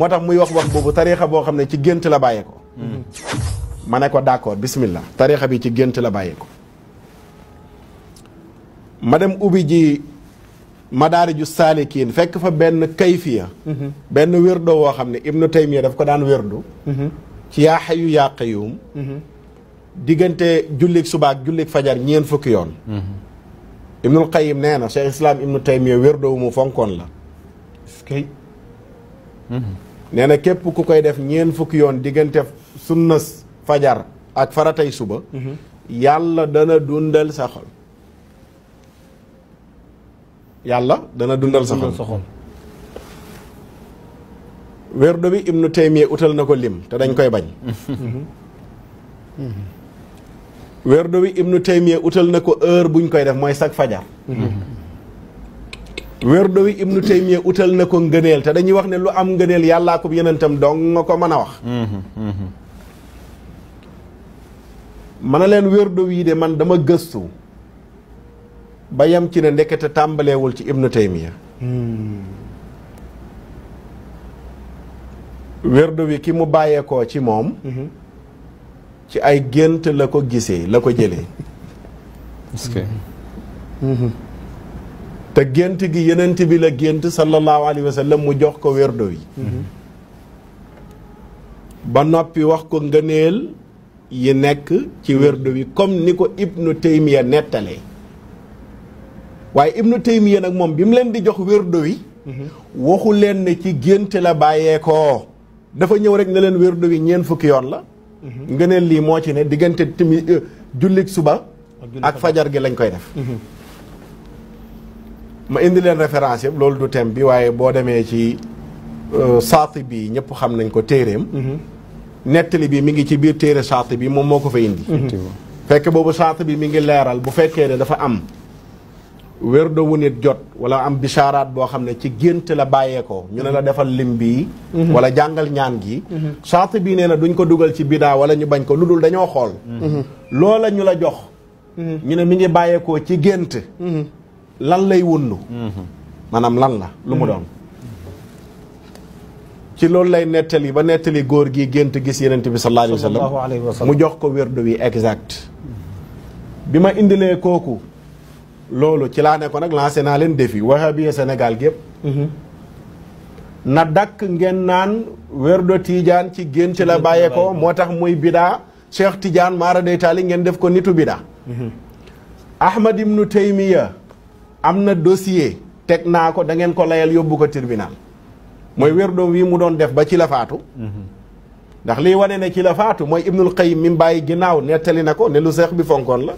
moo tax muy wax wax boobu tariixa boo xam ne ci gént la bàyyee ko ma ne ko d'accord bismillah tariixa bi ci gént la bàyyee ko ma dem ubbi ji madaari ju saalikiin fekk fa benn kayfiya benn wérdo woo xam ne ibnu taymiya daf ko daan wérdu ci yaa xayu yaa qayyum diggante jullik subaak jullik fajar ñeent fukki yoon ibnul qayyim nee na islam ibnu taymiya wérdo mu fonkoon la nee na képp ku koy def ñeen fukki yoon diggante sunna fajar ak faratay suba mhm. yàlla dana dundal sa xol yàlla dana dundal sa xol werdo bi ibnu taymiya utal na ko lim te dañ koy bañ mhm. werdo bi ibnu taymiya utal na ko heure buñ koy def mooy sag fajar mhm. werdo wi ibnu taymiya utal na ko ngëneel te dañuy wax ne lu am ngëneel yàllaa ko yeneentam dong nga ko mën a wax mën a leen werdo wi de man dama gëstu ba yam ci ne ndekete tàmbaleewul ci ibnu taymiya werdo wi ki mu bàyyeekoo ci moom ci ay gént la ko gisee la ko jëlee te gént gi yenent bi la gént sallallahu alayhi wa sallam mu jox ko wérdo yi ba noppi wax ko ngëneel yi nekk ci wérdo yi comme ni ko ibnu taymiya nettalee waaye ibnu taymiya nag moom bi mu leen di jox wérdo yi waxu leen ne ci génte la bàyyeekoo dafa ñëw rek na leen wérdo yi ñeent fukki yoon la ngëneel lii moo ci ne diggante timi euh, jullik suba ak fajar gi lañ koy def mhm. ma indi leen référence yëpp loolu du thème bi waaye boo demee ci euh, saati bi ñëpp xam nañ ko téeréem mhm. nettali bi mi ngi ci biir téere saati bi moom moo ko fa indi mhm. fekk boobu saati bi mi ngi leeral bu fekkee ne dafa am wér do wu nit jot wala am bisaaraat boo xam ne ci gént la bàyyeekoo ñu ne la defal lim bi mhm. wala jàngal ñaan gi saati bi nee na duñ ko dugal ci bidaa wala ñu bañ ko lu dul dañoo xool loola ñu la jox ñu ne mi ngi bàyyeekoo ci gént lan lay wundu mhm. maanaam lan la lu mu mhm. doon ci loolu lay nettali ba nettali góor gi gént gis yenent bi sallallahu alayhi wa sallam mu jox ko wérdu wi exact bi ma indilee kooku loolu ci laa ne ko nag lancé naa leen défi wahabiya Sénégal gépp mhm. na dakk ngeen naan werdo tiijaan ci gént la bàyyee moo tax muy bidaa Cheikh Tidiane maara day taali ngeen def ko nitu bidaa Ahmad ibnu Taymiya am na dossier teg naa ko da ngeen ko layal yóbbu ko tribunal mooy wér wérdoom wi mu doon def ba ci la faatu ndax lii wane na ci la faatu mooy ibnul qayyim mi bàyyi ginnaaw nettali na ko ne lu seex bi fonkoon la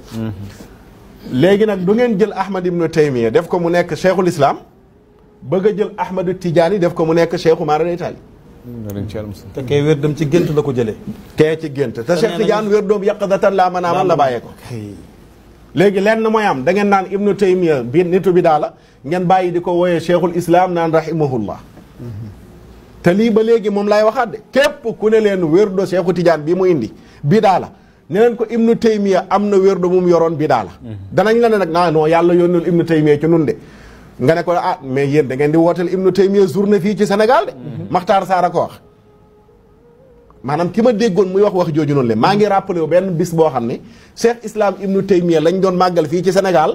léegi nag du ngeen jël ahmad ibnu taymiya def ko mu nekk cheikhul islam bëgg a jël ahmadu tijaani def ko mu nekk cheikhu mara day taali te kee wér dem ci gént la ko jëlee kee ci gént te cheikh tidiane wér doom yaqadatan laa manaaman la bàyyee ko léegi lenn mooy am da ngeen naan ibnu taymiya bi nitu bi daa ngeen bàyyi di ko wooyee cheikhul islam naan rahimahullah te lii ba léegi moom laay waxaat de képp ku ne leen wérdo cheikhu tijaan bi mu indi bi daa ne leen ko ibnu taymiya am na wérdo mum yoroon bi daa la mhm. danañ la ne nag naa ah, non yàlla yónnul ibnu taymiya ci nun de nga ne ko ah mais yéen da ngeen di wooteel ibnu taymiya journée fii ci Sénégal de mhm. maxtaar saara ko wax maanaam ki ma déggoon muy wax wax jooju noonu la maa ngi rappelé wu benn bis boo xam ne Cheikh Islam Ibnu Taymiya lañ doon màggal fii ci Sénégal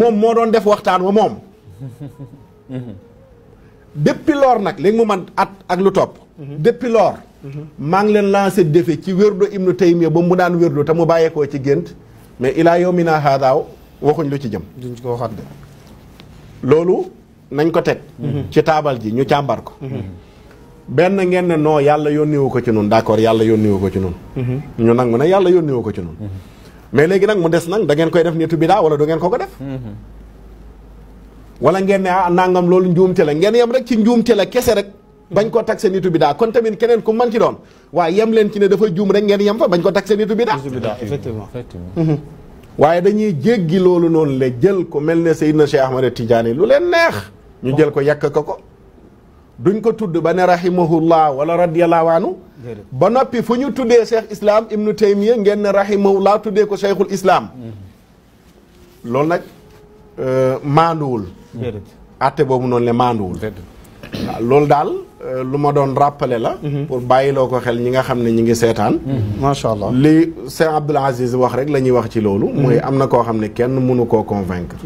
moom moo doon def waxtaan wa moom depuis lors nag léegi mu man at ak lu topp mhm. depuis lors mhm. maa ngi leen lancé défi ci wérdo Ibnu Taymiya ba mu daan wérdo te mu bàyyeekoo ci gént mais ilaa yow mi naa haadaaw waxuñ lu ci jëm duñ ko waxaat loolu nañ ko teg mhm. ci taabal ji ñu càmbar ko benn ngeen ne noo yàlla yónniwu ko ci nun d'accord yàlla yónniwu ko ci nun mhm. ñu nangu ne yàlla yónniwu ko ci nun mhm. mais léegi nag mu des nag da ngeen koy def nitu bidaa wala du ngeen ko ko def mhm. wala ngeen ne ah nangam loolu njuumte la ngeen yem rek ci njuumte la kese rek bañ ko taxe nitu bidaa kon tamit keneen ku mën ci doon waaye yem leen ci ne dafa juum rek ngeen yem fa bañ ko taxe nitu bidaa effectivement effectivement waaye dañuy jéggi loolu noonu la jël ko mel ne sey Seydina Cheikh Ahmed Tidiane lu leen neex ñu jël ko yàq ko ko duñ ko tudd ba ne rahimahullah wala radiyallahu anhu ba nopi fuñu tuddé cheikh islam ibnu taymiya ngén ne rahimahullah tuddé ko cheikhul islam lool nak euh maanduwul até bobu non le maanduwul lool dal luma don ma rappelé la pour bàyyiloo ko xel ñi nga xamné ñi ngi sétane ma sha allah li Cheikh Abdoul Aziz wax rek lañuy wax ci loolu moy amna ko xamné kenn mënu ko convaincre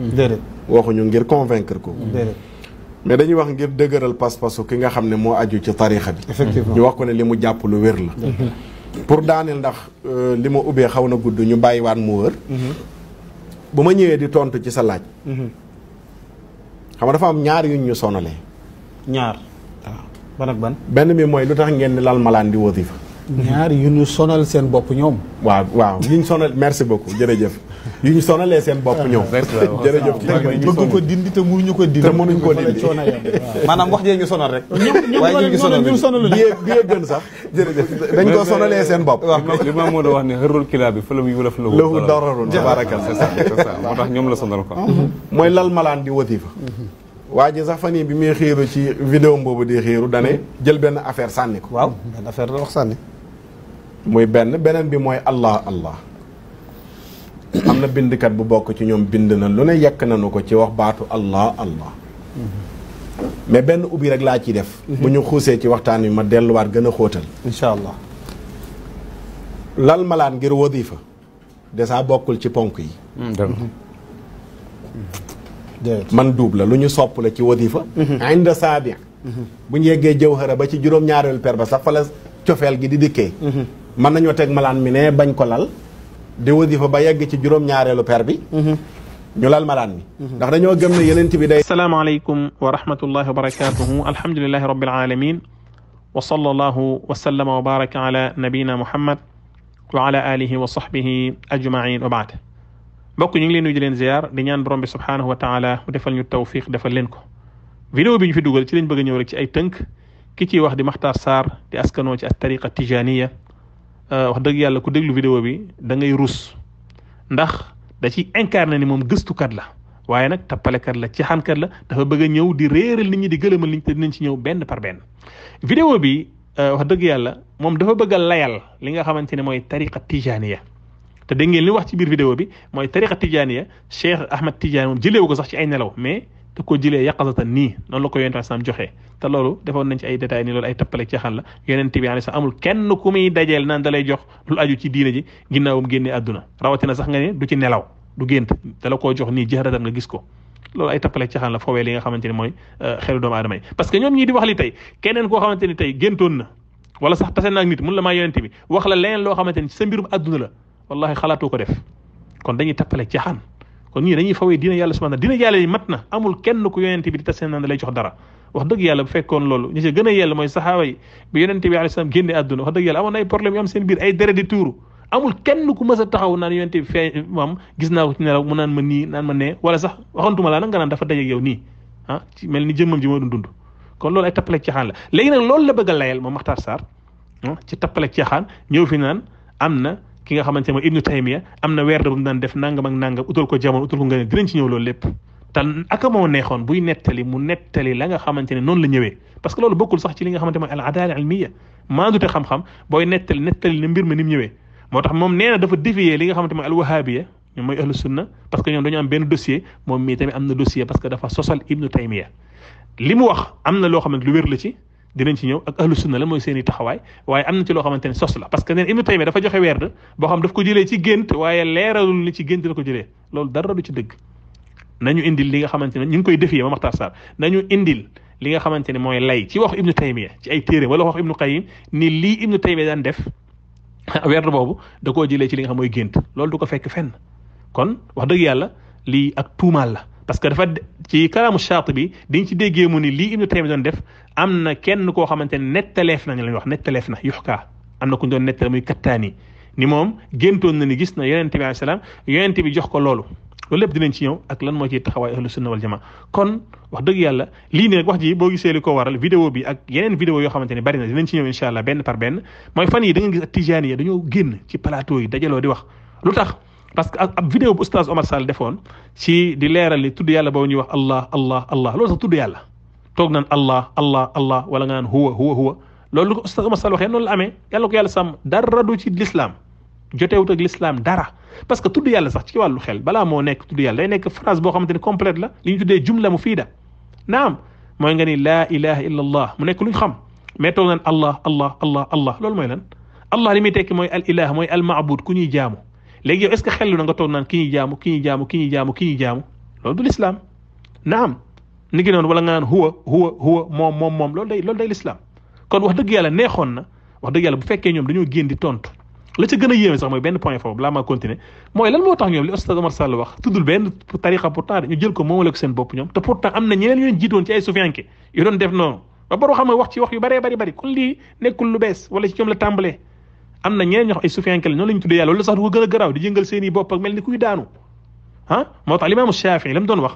waxu ñu ngir convaincre ko mais dañuy wax ngir dëgëral pas-pasu ki nga xam ne moo aju ci tariixa bi. effectivement ñu wax ko ne li mu jàpp lu wér la. pour daaneel ndax euh, li ma ubbee xaw na gudd ñu bàyyi bàyyiwaat mu wër. bu ma ñëwee di tontu ci sa laaj. xam nga dafa am ñaar yuñ ñu sonalee. ñaar waaw ban ak ban. benn bi mooy lu tax ngeen di lal malaan di wasifa ñaar yu ñu sonal seen bopp ñoom. waaw waaw ñu sonal merci beaucoup jërëjëf. yu ñu sonalee seen bopp ñëw. Ah, jërëjëf ci bëgg ko dindi te mënuñu ko dindi. te mënuñu ko dindi maanaam wax jee ñu sonal rek. waaye ñu sonal ñu sonal bi sax. jërëjëf dañ ko sonalee seen bopp. li ma moo doon wax bi fële wu la fële wu. loolu dararu barakal moo tax ñoom la sonal ko mm-hmm. mooy lal malaan di watifa waa ji sax fan yi bi muy xiiru ci vidéo boobu di xiiru dane mm-hmm. jël benn affaire sànni ko. waaw benn affaire la wax muy benn beneen bi mooy allah allah am na bindkat bu bokk ci ñoom bind na lu ne yekk nañu ko ci wax baatu allah allah mais benn ubbi rek laa ciy def mhm. bu ñu xuusee ci waxtaan wi ma delluwaat gën a xóotal incha allah lal malaan ngir wadifa desaa bokkul ci ponk yi mm, mhm. mm. man duub la lu ñu sopp la ci wadifa mhm. inda saabi bu ñu yeggee jëwhara ba ci juróom-ñaareelu per ba sax fa la cofeel gi di dikkee mën nañoo teg malaan mi ne bañ ko lal di wasifa ba yegg ci juroom ñaarelu per bi ñu lal malaan mi ndax dañoo gëm ne yenent bi day assalamu alaykum wa rahmatullahi wa barakatuh alhamdulilahi rabbil alamin wa sallallahu wa sallama wa baraka ala nabina muhammad wa ala alihi wa sahbihi ajmain wa ba'd mbokk ñu ngi leen nuyu di leen ziar di ñaan borom bi subhanahu wa taala mu defal ñu tawfiq defal leen ko vidéo bi ñu fi duggal ci lañ bëgg ñëw rek ci ay tënk ki ci wax di Makhtar sar di askano ci at tariqa tijaniya Euh, wax dëgg yàlla ku déglu video bi dangay ruus ndax da ci na ni moom gëstukat la waaye nag tappalekat la ci caxaankat la dafa bëgg a ñëw di réeral nit ñi di gëlëmal nit ñi te dinañ ci ñëw benn par benn vidéo bi euh, wax dëgg yàlla moom dafa bëgg a layal li nga xamante ne mooy tariqa tijaniya te dégg ngeen li wax ci biir vidéo bi mooy tariqa tijaniya Cheikh Ahmad Tijani moom jëleewu ko sax ci ay nelaw mais da ko jilé yaqazatan ni non la ko yonent sam joxé te lolu défon nañ ci ay détails ni lolu ay tappale ci xal la yonent bi alayhi amul kenn ku mi dajel nan dalay jox lu aju ci diina ji ginnawum génné aduna rawati na sax nga ni du ci nelaw du gént té la ko jox ni jëxaratan nga gis ko lolu ay tappale ci xal la fowé li nga xamanteni moy mooy doom adamay parce que ñom ñi di wax li tay kenen ko xamanteni tay géntoon na wala sax tassé nak nit mun la ma yonent bi wax la leneen lo xamanteni sa mbirum aduna la wallahi xalaatoo ko def kon dañuy tappale ci xal kon ñii dañuy fawee diina yàlla subhanahu diina yàlla yi amul kenn ku yonente bi di tasee naan da lay jox dara wax dëgg yàlla bu fekkoon loolu ñi ci gën a yell mooy saxaaba yi bi yonente bi am a taxaw naan yonente bi fee maam gis naa ko ci nelaw mu naan ma nii naan ma nee wala sax waxantuma laa nag nga naan dafa dajeeg yow nii ah, mel ni jëmmam ji moo doon dund kon loolu ay tappale caaxaan la léegi nag loolu la bëgg a layal moom Maxtaar Sarr ah, ci tappale caaxaan ñëw fi naan am na ki nga xamante mooy ibnu taymiya am na weer bu mu daan def nangam ak nangam utal ko jamono utal ko nga dinañ ci ñëw loolu lépp te ak moo neexoon buy nettali mu nettali la nga xamante ne noonu la ñëwee parce que loolu bokkul sax ci li nga xamante mooy al adala ilmiya maandute xam-xam booy nettali nettali ne mbir ma ni mu ñëwee moo tax moom nee na dafa défier li nga xamante mooy al wahabiya ñoom mooy ahlu sunna parce que ñoom dañu am benn dossier moom mii tamit am na dossier parce que dafa sosal ibnu taymiya li mu wax am na loo xamante lu wér la ci dinañ ci ñëw ak ahlu sunna lan mooy seeni i taxawaay waaye am na ci loo xamante ne sos la parce que neen ibnu taymi dafa joxe werd boo xam daf ko jëlee ci gént waaye leeralul ni ci gént la ko jëlee loolu dara du ci dëgg nañu indil li nga xamante ne ñu ngi koy defee ma maxtaar sar nañu indil li nga xamante ne mooy lay ci wax ibnu taymiya ci ay téere wala wax ibnu qayim ni lii ibnu taymiya daan def werd boobu da koo jëlee ci li nga xam mooy gént loolu du ko fekk fenn kon wax dëgg yàlla lii ak tuumaal la parce que dafa ci kalamu shatibi dañ ci dégge mu ni li Ibnu taymi doon def amna kenn ko xamantene ne nettaleef nañ lañ wax nettaleef na yuhka amna ku ñu doon nettale muy kattaani ni mom géntoon na ni gis na yenen bi sallam yenen yonent jox ko lolu lolu lépp dinañ ci ñëw ak lan mo ci taxaway ahlus sunna wal jamaa kon wax deug yàlla li ne wax ji bo gisee li ko waral vidéo bi ak yenen vidéo yo xamante bari na dinañ ci ñëw inshallah ben par ben moy fan yi da nga gis tijani tijaani ya dañoo génn ci plateau yi dajalo di wax lutax parce que ab vidéo bu oustaz Omar Sall defone ci di leeral ni tudd yàlla boobu ñuy wax allah allah allah lolu sax tuddu yàlla tok nan allah allah allah wala nga naan huwa huwa huwa lolu ko oustaz Omar Sall waxe non la amé yàlla ko yàlla sam dara du ci l'islam jotewut ak l'islam dara parce que tuddu yàlla sax ci walu xel bala mo nek tuddu yàlla day nek phrase bo xamanteni complète la li ñu tuddee jumla mufida naam moy nga ni laa ilaha illa allah mu nek luñ xam mais tok nan allah allah allah allah lolu moy lan allah limi muy tekki mooy al ilah moy al maabud ku ñuy jaamu léegi yow est ce que xellu na nga toog naan ki ñuy jaamu ki ñuy jaamu ki ñuy jaamu ki ñuy jaamu loolu du lislaam naam ni ngi noonu wala huwa huwa huwa moom moom moom loolu day loolu day lislaam kon wax dëgg yàlla neexoon na wax dëgg yàlla bu fekkee ñoom dañoo génn di tontu la ca gën a yéeme sax mooy benn point foofu balaa maa continuer mooy lan moo tax ñoom li oustaz Omar Sall wax tuddul benn tariqa pourtant ñu jël ko moomale ko seen bopp ñoom te pourtant am na ñeneen ñu leen jiitoon ci ay sufiyanke yu doon wax ci wax yu bëree bari bëri kon lii nekkul bees wala ci la tàmbalee amna ñeñ ñeneen ay sufiyanke kel noonu lañ tuddé yàlla loolu sax du ko gën a di jëngal seeni bop ak melni kuy daanu han moo tax limaamu Shaafi la doon wax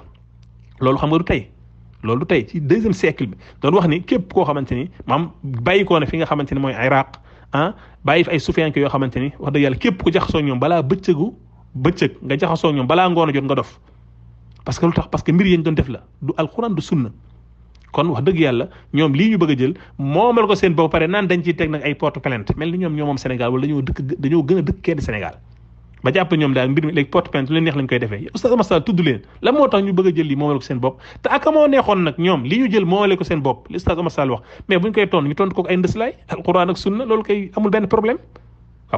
loolu xam nga du tay loolu tay tey ci deuxième siècle bi doon wax ni képp ko xamanteni mam bayiko na fi nga xamanteni moy Iraq han bayif ay sufiyanke yoo xamante ni wax dëgg yàlla képp ku jaxasoo ñom bala bëccëgu beccëk nga jaxasoo ñom bala ngono jot nga dof parce que lutax parce que mbir yañ doon def la du alquran du sunna kon wax dëgg yàlla ñoom lii ñu bëgg a jël moomal ko seen bopp pare naan dañ ciy teg nag ay porte plainte mel ni ñoom ñoomom moom Sénégal wala dañoo dëkk dañoo gën a dëkk kenn Sénégal ba jàpp ñoom daal mbir mi léegi porte plainte lu neex lañ koy defee oustaz Massal tudd leen la moo tax ñu bëgg a jël lii moomal ko seen bopp te ak moo neexoon nag ñoom li ñu jël moomale ko seen bopp li oustaz Massal wax mais buñ koy tontu ñu tontu ko ay ndëslaay alquran amul benn problème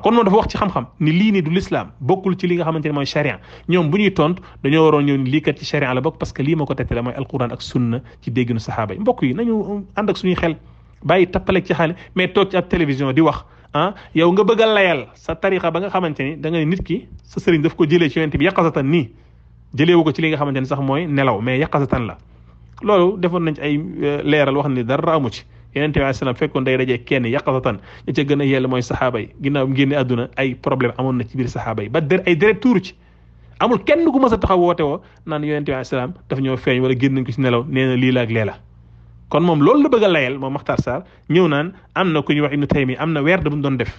kon moom dafa wax ci xam-xam ni lii ni du l'islam bokkul ci li nga xamante ne mooy charia ñoom bu ñuy tont dañoo waroon ñëw ni lii kat ci charia la bokk parce que lii ma ko tettale mooy alquran ak sunna ci dégginu sahaba yi mbokk yi nañu ànd ak suñuy xel bàyyi tappaleeg ci xaale mais toog ci ab télévision di wax ah yow nga bëgg a layal sa tarixa ba nga xamante ni da nga nit ki sa sëriñ daf ko jëlee ci yonente bi yaqasatan nii jëleewu ko ci li nga xamante ni sax mooy nelaw mais yaqasatan la loolu defoon nañ ci ay leeral wax ni dara amu ci yonente bi salaam fekkoon day daje kenn yàqatatan ña ca gën a yell mooy saxaaba yi ginnaaw mu génne àdduna ay problème amoon na ci biir saxaaba yi ba der ay deret tuuru ci amul kenn ku mës a taxaw woote woo naan yonente bi salaam daf ñoo feeñ wala génn nañ ko ci nelaw nee na lii la ak lee la kon moom loolu la bëgg a layal moom Makhtar Sarr ñëw naan am na ku ñuy wax Ibnu Taymi am na werd bu mu doon def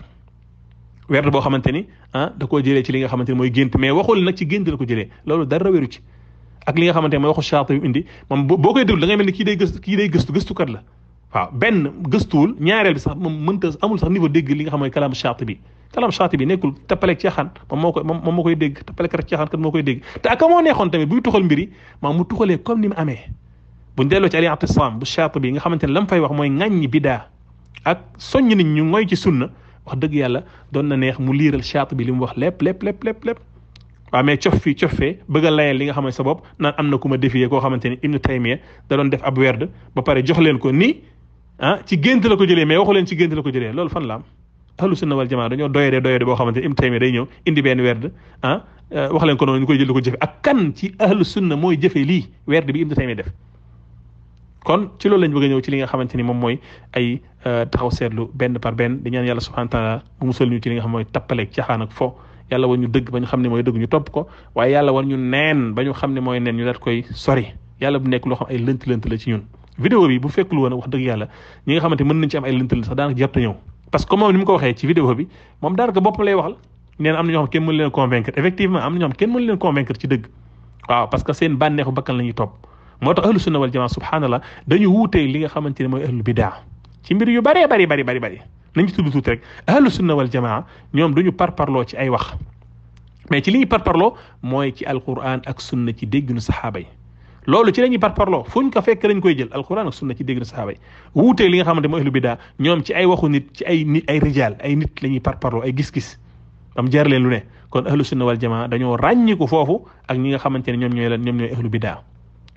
werd boo xamante ni ah da koo jëlee ci li nga xamante ni mooy gént mais waxul nag ci gént la ko jëlee loolu dara wéru ci ak li nga xamante ne mooy waxu Shaatibi indi moom boo koy déglu da ngay mel ni kii day gëstu kii day gëstu gëstukat la waaw benn gëstuwul ñaareel bi sax moom mënta amul sax niveau dégg li nga xam mooy kalaam chaati bi kalaam chaati bi nekkul tappaleeg ceexaan moom moo koy moom moo koy dégg tappaleeg rek ceexaan kat moo koy dégg te ak moo neexoon tamit buy tuxal mbiri maa mu tuxalee comme ni mu amee buñ delloo ci aliati sam bu chaati bi nga xamante ne la mu fay wax mooy ŋàññi bidaa ak soññ nit ñu ngoy ci sunna wax dëgg yàlla doon na neex mu liiral chaati bi li mu wax lépp lépp lépp lépp lépp waaw mais cof fi cof bëgg a layal li nga xam ne sa bopp naan am na ku ma défié koo xamante ni ibnu taymiya da doon def ab werd ba pare jox leen ko nii ah ci gént la ko jëlee mais waxu leen ci gént la ko jëlee loolu fan la am ahlu sunna wal jamaa dañoo doyade doyade boo xamante ne im taymi day ñëw indi benn werd ah eh, wax leen ko noonu ñu koy jël ko jëfe ak kan ci ahlu sunna mooy jëfe lii werd bi im taymi def kon ci loolu lañ bëgg a ñëw ci li nga xamante ni moom mooy ay eh, taxaw seetlu benn par benn di ñaan yàlla subhanahu taala bu musal ñu ci li nga xam mooy tappaleeg caxaan ak fo yàlla war ñu dëgg ba ñu xam ne mooy dëgg ñu topp ko waaye yàlla war ñu neen ba xam ne mooy neen ñu daat koy sori yàlla bu nekk loo ay lënt lënt la ci ñun vidéo bi bu fekkul woon wax dëgg yàlla ñi nga xamante mën nañ ci am ay lëntal sax daanaka jàpp ñëw parce que comme moom ni mu ko waxee ci vidéo bi moom daanaka boppam lay waxal nee na am na ñoo xam kenn mënu leen convaincre effectivement am na ñoo ci dëgg waaw parce que seen bànneexu bakkan la ñuy moo tax ahlu sunna wal jamaa dañu wuutee li nga xamante ne mooy ahlu bidaa ci mbir yu bëree bari bari bari bari nañ ci tudd tuuti rek ahlu sunna wal jamaa ñoom duñu par ci ay wax mais ci li ñuy parparloo mooy ci alquran ak sunna ci dégginu saxaaba yi loolu ci la ñuy parparloo fu ñu ko fekk lañ koy jël alquran ak sunna ci dégg na saxaaba yi wuutee li nga xamante mooy ahlu bidaa ñoom ci ay waxu nit ci ay nit ay rijaal ay nit la ñuy parparloo ay gis-gis am jaar leen lu ne kon ahlu sunna wal jamaa dañoo ràññiku foofu ak ñi nga xamante ne ñoom ñooy lan ñoom ñooy ahlu bidaa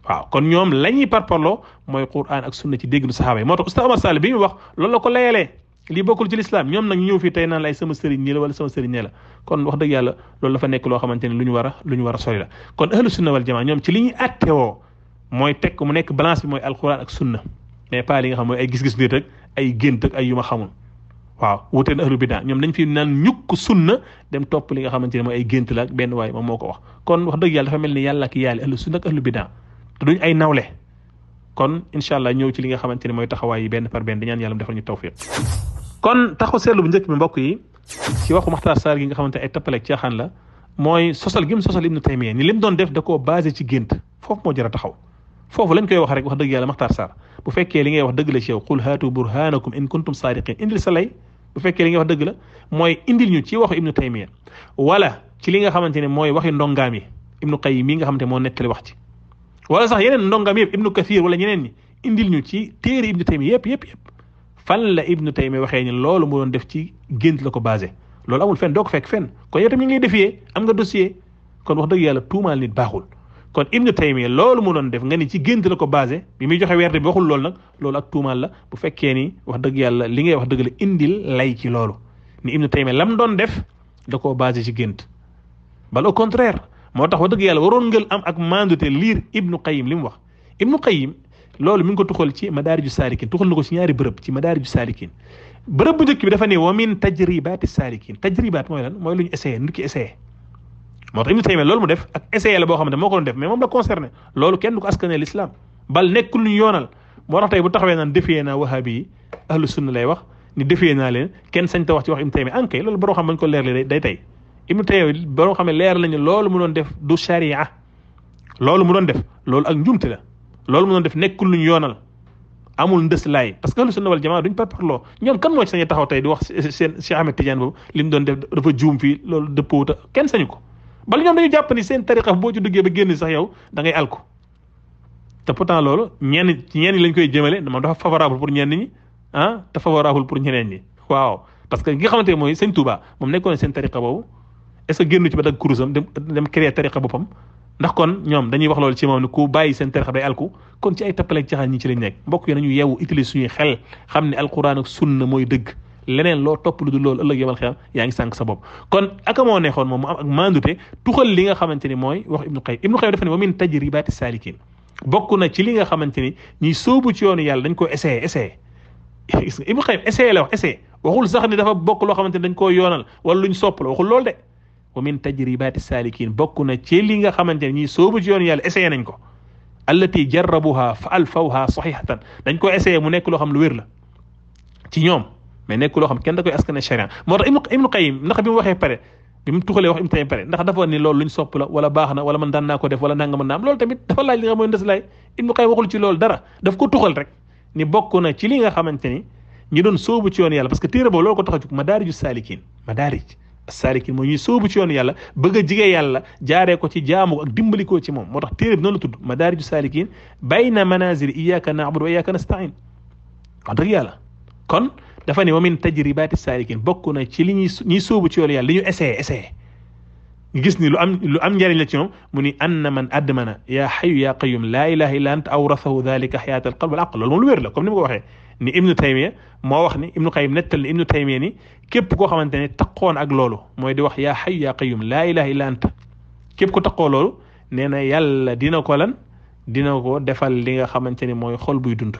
waaw kon ñoom la ñuy parparloo mooy quran ak sunna ci dégg na saxaaba moo tax oustaz Omar Sall bi mu wax loolu la ko layalee li bokul ci l'islam ñom nak ñëw fi tay naan lay sama serigne ni la wala sama serigne la kon wax deug yàlla loolu la fa nek lo xamanteni luñu wara luñu wara sori la kon ahlus sunna wal jamaa ñom ci liñu atté wo moy tek mu nek balance bi moy alquran ak sunna mais pa li nga xam moy ay gis-gis nit ak ay gént ak ay yuma xamul waaw wuté na ahlu bidaa ñom dañ fi nan ñuk sunna dem top li nga xamanteni moy ay gént la ak ben way moom moko wax kon wax deug yàlla dafa melni yàlla ak yàlla ahlus sunna ak ahlu bidaa te duñ ay nawle kon inshallah ñëw ci li nga xamanteni moy taxaway yi ben par ben di ñaan yàlla defal ñu tawfiq kon taxu selu bu ñëk bi mbokk yi ci waxu Maxtaar sar gi nga xamanteni ay ci xan la moy sosal gi mu sosal Ibnu Taymiya ni lim doon def da koo basé ci gént fofu mo jar taxaw fofu lañ koy wax rek wax deug yàlla Maxtaar sar bu fekke li ngay wax deug la ci yow qul hatu burhanakum in kuntum sadiqin indil salay bu fekke li ngay wax deug la moy indil ñu ci waxu Ibnu Taymiya wala ci li nga xamanteni moy waxi ndongami yi Ibnu Qayyim yi nga xamanteni mo nettali wax ci wala sax yeneen ndongam yëpp ibnu kathir wala ñeneen ñi indil ñu ci téere ibnu taymiya yëpp yëpp yëpp fan la ibnu taymiya waxee ni loolu mu doon def ci gént la ko basé loolu amul fenn doo ko fekk fenn kon yow tam ñu ngi lay defiyee am nga dossier kon wax dëgg yàlla tuumaal nit baaxul kon ibnu taymiya loolu mu doon def nga ni ci gént la ko basé bi muy joxe werde bi waxul loolu nag loolu ak tuumaal la bu fekkee ni wax dëgg yàlla li ngay wax dëgg la indil lay ci loolu ni ibnu taymiya lam doon def da koo basé ci gént bal au contraire motax tax wax dëgg yàlla waron ngeul am ak mandute lire ibn qayyim lim wax ibn qayyim lolou mi ngi ko tukhol ci madaariju salikin tukhol nako ci ñaari beurep ci madaariju salikin beurep bu jekk bi dafa ne wa min tajribaati salikin tajribat moy lan moy luñu essayer essayé nit ki essayé moo tax ibnu taymiya mu def ak essayer la bo xamne moko moo def mais mom la concerner lolou kenn duko askane l'islam bal nekul ñu yonal mo tax tay bu taxawé nan defee naa wahabi ahlus sunna lay wax ni defee naa leen kenn sañ ta wax ci wax ibn taymiya ankay lolou borom xam bañ ko leer leerle day tay ibnu taymiya boo xam ne leer lañu loolu mu doon def du sharia loolu mu doon def loolu ak njumte la loolu mu def nekkul lu ñu yoonal amul ndës laay parce que ahlu sunna wal jamaa duñ parparloo ñoom kan moo ci sañu taxaw tey di wax seen Cheikh doon def dafa juum fii loolu dëppoowuta kenn sañu ko bala ñoom dañu jàpp ni seen tariqa boo ci duggee ba génn sax yow da ngay alko te pourtant loolu ñenn ñenn ñi lañ koy jëmale moom dafa favorable pour ñenn ñi ah te pour ñeneen ñi waaw parce que ki nga xamante mooy sëñ Touba moom nekkoon seen tariqa boobu est-ce génnu ci ba dag kurusam dem dem créer tariqa bopam ndax kon ñom dañuy wax lolou ci mom ne ku bàyyi sen tariqa day alku kon ci ay tappaleeg caxaan ñi ci lañ nek mbokk yi nañu yewu utiliser suñu xel xamni alquran ak sunna moy deug leneen lo top lu du lolou ëlëk yamal xel yaangi sank sa bop kon ak moo neexon mom ak mandute tuxal li nga xamanteni moy wax ibnu qayyim ibnu qayyim dafa ni wa min tajribati salikin bokku na ci li nga xamanteni ni sóobu ci yoonu yàlla dañ ko essayer essayer ibnu qayyim essayer la wax essayer waxul sax ni dafa bokk lo xamanteni dañ ko yoonal wala luñ sopp la waxul lolou de ومن تجربات السالكين بوكنا تي ليغا خامتاني ني سوبو يال اسيي نانكو التي جربوها فالفوها صحيحه دنجكو اسيي مو نيك لو خام لو لا تي نيوم مي لو خام كين داكاي اسكن شريان مور ابن قيم نخ بيم وخي بري بيم توخلي وخ ام تاي بري نخ دافو ني لول لو نسوب لا ولا باخنا ولا من داناكو ديف ولا نانغام نام لول تاميت دافا لاج ليغا مو ندس لاي ابن قيم وخول تي لول دارا دافكو توخال رك ني بوكنا تي ليغا خامتاني ني دون سوبو جيون يال باسكو تيربو لول كو تخاجو مدارج السالكين مدارج saarikin mooy ñuy soobu ci yoonu yàlla bëgg a jige yàlla jaaree ko ci jaamu ak dimbali ko ci moom moo tax téere bi noonu la tudd madaariju saalikin bayna manazil iyaka naabudu wa iyaka nastain wax dëgg yàlla kon dafa ne wa min tajribati saalikin bokk na ci li ñuy ñuy soobu ci yoonu yàlla li ñu essayé essayé gis ni lu am lu am njariñ la ci moom mu ni anna man admana ya xayu ya qayum la ilaha illa anta awrathahu dhalika xayaat alqalb wal aql loolu moom lu wér la comme ni ma ko waxee ni ibnu taymiya moo wax ni ibnu qayim nettal ni ibnu taymiya ni képp koo xamante ne taqoon ak loolu mooy di wax yaa xay yaa qayum laa ilaha illa anta képp ku taqoo loolu nee na yàlla dina ko lan dina ko defal li nga xamante ni mooy xol buy dund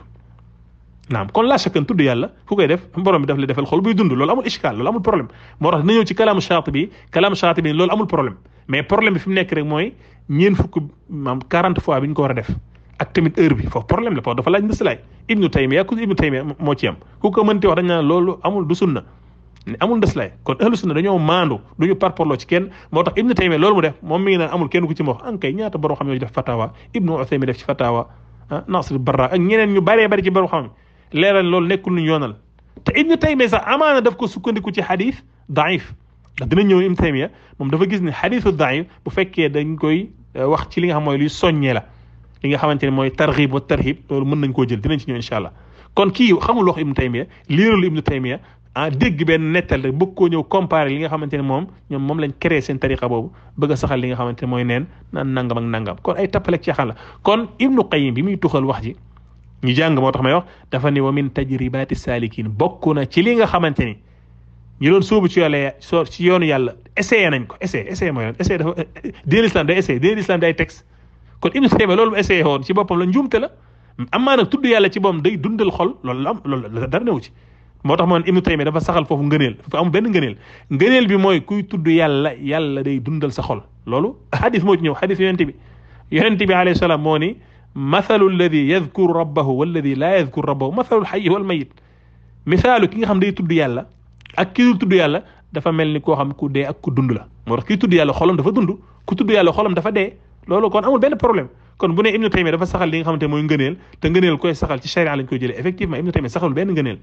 naam kon laa chakkan tudd yàlla ku koy def borom bi daf la defal xol buy dund loolu amul ishkaal loolu amul problème moo tax na ñëw ci kalaamu shaatibi kalaamu shaatibi loolu amul problème mais problème bi fi mu nekk rek mooy ñeen fukk maam quarante fois bi ñu ko war a def ak tamit heure bi foofu problème la foofu dafa laaj masilaay ibnu taymiya ku ibnu taymiya moo ci am ku ko mënti wax dañ naan loolu amul du sunna ne amul ndëslaay kon ahlu sunna dañoo maandu duñu parparloo ci kenn moo tax ibnu taymiya loolu mu def moom mi ngi naan amul kenn ku ci ma wax an kay ñaata borom xam ñoo def fatawa ibnu usaymi def ci fatawa ah nasir barra ak ñeneen ñu baree bari ci borom xam leeral loolu nekkul lu ñu yoonal te ibnu taymiya sax amaana daf ko sukkandiku ci xadis daif ndax dina ñëw ibnu taymiya moom dafa gis ne xadisu daif bu fekkee dañ koy eh, wax ci li nga xam mooy luy soññee la li nga xamanteni moy targhib wa tarhib lolou meun nañ ko jël dinañ ci ñëw inshallah kon ki xamul wax ibnu taymiya liiralu ibnu taymiya a dégg ben netal rek bëgg ko ñëw comparer li nga xamanteni mom ñom mom lañ créer seen tariqa bobu bëgg saxal li nga xamanteni moy neen nan nangam ak nangam kon ay tapalek ci xala kon ibnu qayyim bi muy tuxal wax ji ñu jàng motax may wax dafa ni wa min tajribati salikin bokku na ci li nga xamanteni ni ñu doon sóobu ci yàlla ci yoonu yàlla essayé nañ ko essayé essayé mooy essayé dafa diin islam day essayé diin islam day texte kon ibnu sayba loolu mu essayé woon ci boppam la njuumte la amma nag tudd yàlla ci boppam day dundal xol loolu la am loolu dara newu ci moo tax man ibnu taymiya dafa saxal foofu ngëneel dafa am benn ngëneel ngëneel bi mooy kuy tudd yàlla yàlla day dundal sa xol loolu xadis moo ci ñëw xadis yonente bi yonente bi alayhi salaam moo ni mathalu alladi yadkuru rabbahu walladi laa yadkuru rabbahu mathalu lxayi walmayit misaalu ki nga xam day tudd yàlla ak ki dul tudd yàlla dafa mel ni koo xam ku dee ak ku dund la moo tax kii tudd yàlla xolam dafa dund ku tudd yàlla xolam dafa dee loolu kon amul benn problème kon bu ne Ibnu Taymiya dafa saxal li nga xamante mooy ngëneel te ngëneel koy saxal ci charia lañ koy jëlee effectivement Ibnu Taymiya saxalul benn ngëneel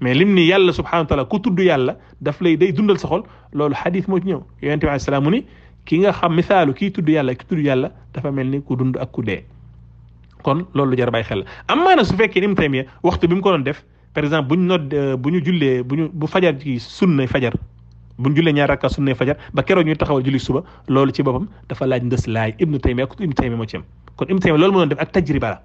mais lim ni yàlla subhanahu wa taala ku tudd yàlla daf lay day dundal sa xol loolu xadis moo ci ñëw yonente bi alayhi salaam mu ni ki nga xam misaalu kii tudd yàlla ki tudd yàlla dafa mel ni ku dund ak ku dee kon loolu jar bàyyi xel la am maana su fekkee Ibnu Taymiya waxtu bi mu ko doon def par exemple bu ñu nodd bu ñu jullee bu ñu bu fajar ci sunna fajar buñ julé ñaar rakka sunne fajar ba kéro ñuy taxawal julli suba loolu ci bopam dafa laaj ndess laay ibnu taymiya ko ibnu taymiya mo ci am kon ibnu taymiya loolu mu doon def ak tajriba la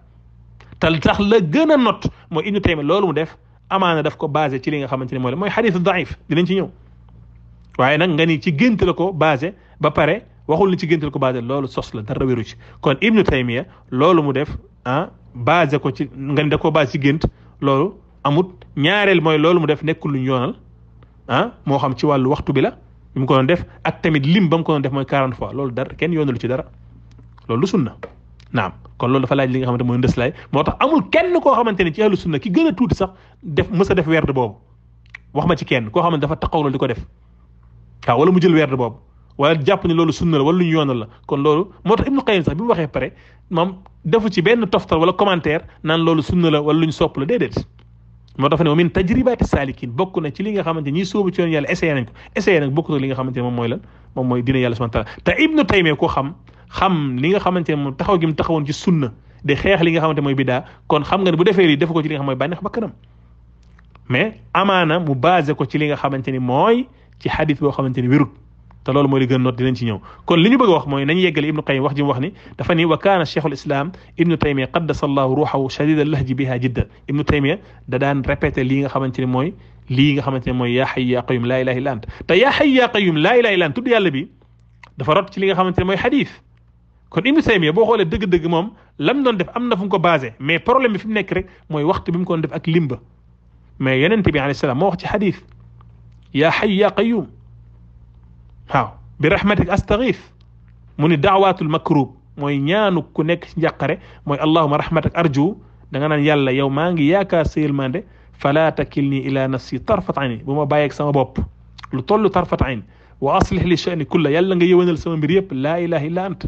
tal tax la gëna not mo ibnu taymiya loolu mu def amana daf ko basé ci li nga xamanteni ne mooy la mooy xadis daif dinañ ci ñëw waye nak nga ni ci gént la ko basé ba pare waxul ni ci gént la ko basé loolu sos la dara wéru ci kon ibnu taymiya loolu mu def han basé ko ci nga ni da ko basé ci gént loolu amut ñaarel moy loolu mu def nekkul lu ñu ah moo xam ci walu waxtu bi la bim ko don def ak tamit lim bam ko don def moy 40 fois loolu dara kenn yoonalu ci dara lolou lu sunna naam kon lolou dafa laaj li nga xamanteni moy ndess lay motax amul kenn ko xamanteni ci ahlus sunna ki geuna a sax def mës a def werd bobu wax ma ci kenn ko xamanteni dafa taxaw loolu di def waaw wala mu jël werd bobu wala jàpp ni lolou sunna la wala lu ñu yoonal la kon lolou motax ibnu qayyim sax bimu waxe pare mom defu ci ben toftal wala commentaire nan lolou sunna la wala lu ñu sopp la dedet mo dafa ne min tajribaati salikin bokku na ci li nga xamanteni ñi sóobu ci yoon yàlla essayé nañ ko essayé nak bokku na li nga xamanteni mom moy lan mom moy dina yàlla subhanahu wa taala te ibnu taymi ko xam xam li nga xamanteni mo taxaw gi mu taxawon ci sunna de xex li nga xamanteni moy bida kon xam nga bu defé li def ko ci li nga xam mooy bànneex bakkanam mais amana mu basé ko ci li nga xamanteni moy ci hadith bo xamanteni wirut te loolu mooy li gën noot dinañ ci ñëw kon li ñu bëgg wax mooy nañ yeggal ibnu qayyim wax ji mu wax ni dafa ni wa kaana cheikhul islam ibnu taymiya qaddasallaahu ruuxahu shadida lahji biha jidda ibnu taymiya da daan répété lii nga xamante ne mooy lii nga xamante ne mooy yaa xay yaa qayum laa ilaha illa ant te yaa xay yaa qayum laa ilaha illa ant tudd yàlla bi dafa rot ci li nga xamante ne mooy xadis kon ibnu taymiya boo xoolee dëgg-dëgg moom lam doon def am na fu mu ko basé mais problème bi fi mu nekk rek mooy waxtu bi mu ko doon def ak limba mais yonente bi alayhi salaam moo wax ci xadis yaa xay yaa qayum waaw bi rahmatik astaghith mu ni daawatul makrub mooy ñaanu ku nekk ci njàqare mooy allahuma rahmatak arju da nga naan yàlla yow maa ngi yaakaar sa mande fala takilni ila nafsi tarfat ayni bu ma bàyyeeg sama bopp lu toll tarfat ayni wa aslih li shani kulla yàlla nga yëwanal sama mbir yëpp laa ilaha illa ant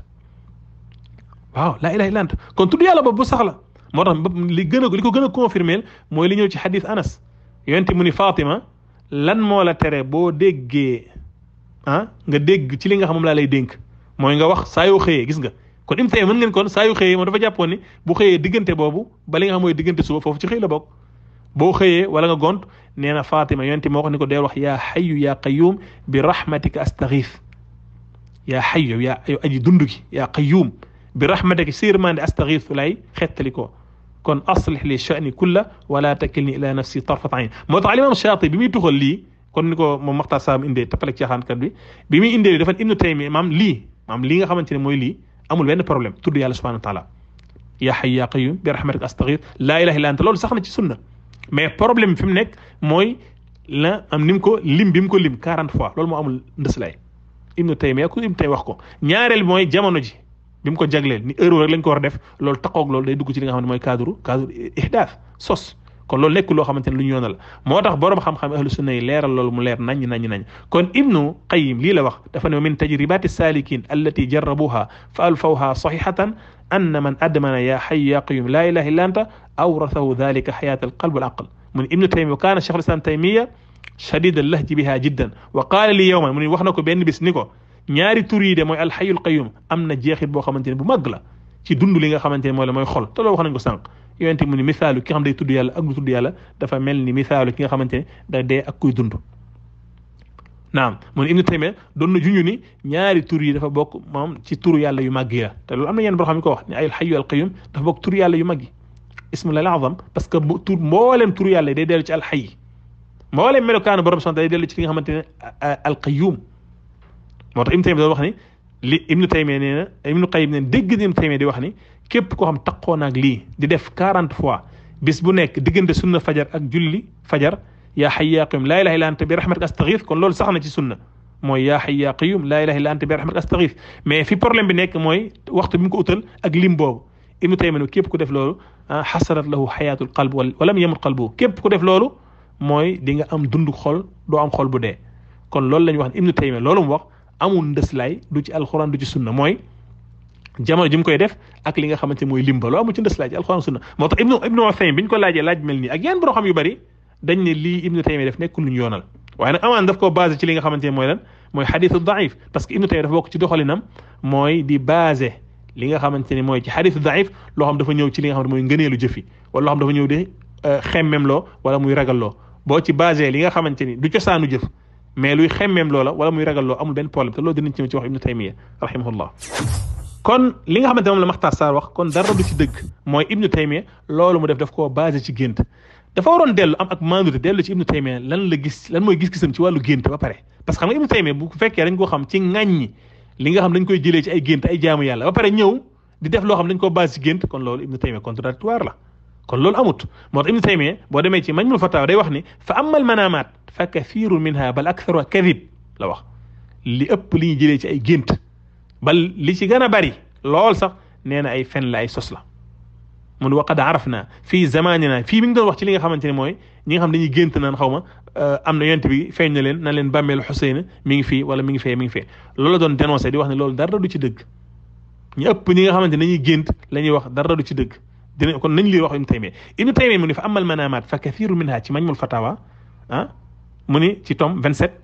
waaw laa ilaha illa ant kon tudd yàlla boobu bu sax la moo tax li gën a li ko gën a confirmer mooy li ñëw ci hadith anas yonte mu ni fatima lan moo la tere boo déggee nga dégg ci li nga xam moom laa lay dénk mooy nga wax saa yoo xëyee gis nga kon im mën ngeen kon saa yu xëyee moom dafa jàppoon ni bu xëyee diggante boobu ba li nga xam mooy diggante suba foofu ci xëy la bokk boo xëyee wala nga gont nee na fatima yonte moo wax ni ko deel wax yaa xayu yaa qayuum bi rahmatika astaxiif yaa xayu yaa yow aji dund gi yaa qayuum bi rahmatika siirmande astaxiif lay xettali kon aslix li chani kulla wala takilni ila nafsi tarfat ayn moo tax alimam chaati bi muy tuxal lii kon ni ko moom maxta Saam indee tappale caaxaankat bi bi muy indee dafa ibnu Taymiya maam lii maam lii nga xamante ne mooy lii amul benn problème tudd yàlla subhanahu wa taala yaa hayyu yaa qayyum bi rahmatika astaghith laa ilaha illa anta lool sax na ci sunna mais problème fi mu nekk mooy la am ni mu ko lim bi mu ko lim quarante fois loolu moo amul ndëslaay ibnu Taymiya ku ibnu Taymiya wax ko ñaareel mooy jamono ji bi mu ko jagleel ni heure rek lañ ko war a def lool taxoog loolu day dugg ci li nga xam ne mooy cadre cadre ihdaaf sos kon loolu nekkul loo xamante ne lu ñu yoonal moo tax borom xam-xam ahlu sunna yi leeral loolu mu leer nañ nañ nañ kon ibnu qayim lii la wax dafa ne wa min tajribati salikin allati jarrabuha fa alfawha sahihatan anna man admana ya hayyu ya qayyum la ilaha illa anta awrathahu dhalika hayat alqalb walaql من ابن تيمية وكان شيخ الإسلام تيمية شديد اللهج بها جدا وقال لي يوما من وخناكو بين بس نيكو ñaari tur yi de mooy alxayul qayum am na jeexit boo xamante ne bu mag la ci dund li nga xamante ne mooy la mooy xol te loolu wax nañ ko sànq yonente mu ni misaalu ki xam day tuddu yàlla ak du tuddu yàlla dafa melni ni ki nga xamante da de ak kuy dund naam mu ne Ibnu Taymiya don na juñu ni ñaari tur yi dafa bok mom ci turu yàlla yu màgg yi la te loolu amna na yenn boo ko wax ni ayul hayyul qayyum dafa bok turu yàlla yu màgg ismu ismullahi azam parce que tur mbooleem turu yàlla day dellu ci al xay mbooleem melokaanu borom sante day dellu ci li nga xamante al qayyum moo tax Ibnu Taymiya do wax ni li Ibnu Taymiya nee na Ibnu Qayyim nee na dégg Ibnu Taymiya di wax ni كيب كو خام تاكونا لي دي ديف 40 فوا بس بو نيك ديغند سنة فجر اك جولي فجر يا حي يا قيوم لا اله الا انت برحمتك استغيث كون لول ساخنا سي سنة موي يا حي يا قيوم لا اله الا انت برحمتك استغيث مي في بروبليم بي نيك موي وقت بيم كو اوتال اك ليم بوب ابن تيمين كيب كو ديف لولو حسرت له حياة القلب ولم يمر قلبه كيب كو ديف لولو موي ديغا ام دوند خول دو ام خول بو دي كون لول لا نيو وخ ابن تيمين لولو وخ امون ندس لاي دو سي القران دو سي سنة موي jamono jim koy def ak li nga xamante mooy limba ba loo amul ci ndës laaj alxuraan sunna moo tax ibnu ibnu Usaym bi ñu ko laajee laaj mel nii ak yenn borom xam yu bari dañ ne lii ibnu taymi def nekkul lu ñu yoonal waaye nag amaan daf ko basé ci li nga xamante ne mooy lan mooy xadisu daif parce que ibnu taymi daf bokk ci doxalinam mooy di basé li nga xamante ni mooy ci xadisu daif loo xam dafa ñëw ci li nga xamante mooy ngëneelu jëfi wala loo xam dafa ñëw di xemmem loo wala muy ragal loo boo ci basé li nga xamante ni du cosaanu jëf mais luy xemmeem loola wala muy ragal loo amul benn problème te loolu dinañ ci wax ibnu Taymiya rahimahullah kon li nga xamante moom la Makhtar Sarr wax kon dara du ci dëgg mooy Ibnu Taymiya loolu mu def daf koo basé ci gént dafa waroon dellu am ak mandute dellu ci Ibnu Taymiya lan la gis lan mooy gis-gisam ci wàllu gént ba pare parce que xam nga Ibnu Taymiya bu fekkee dañ ko xam ci ŋàññi li nga xam dañ koy jëlee ci ay gént ay jaamu yàlla ba pare ñëw di def loo xam dañ koo basé ci gént kon loolu Ibnu Taymiya contradictoire la kon loolu amut moo tax Ibnu Taymiya boo demee ci Majmuul Fatawa day wax ni fa amal manamat fa kathiirun minha bal aktharu kadib la wax li ëpp li ñuy jëlee ci ay gént بل لي غنا باري لول صاح نينا اي فن لاي سوس لا من وقد عرفنا في زماننا في مين دون واخ تي ليغا خامتيني موي نيغا خام دا ني غنت نان خاوما ام أه، نا يونت بي فاجنا لين نان لين باميل حسين مي في ولا مي في مي في لول دون دينونسي دي واخ ني لول دار دو تي دغ ني اوب نيغا خامتيني ني غنت لا ني واخ دار دو تي دغ دين كون نان لي واخ ام تيمي ام تيمي من فامل منامات فكثير منها تي مجمل فتاوى ها أه؟ مني تي توم 27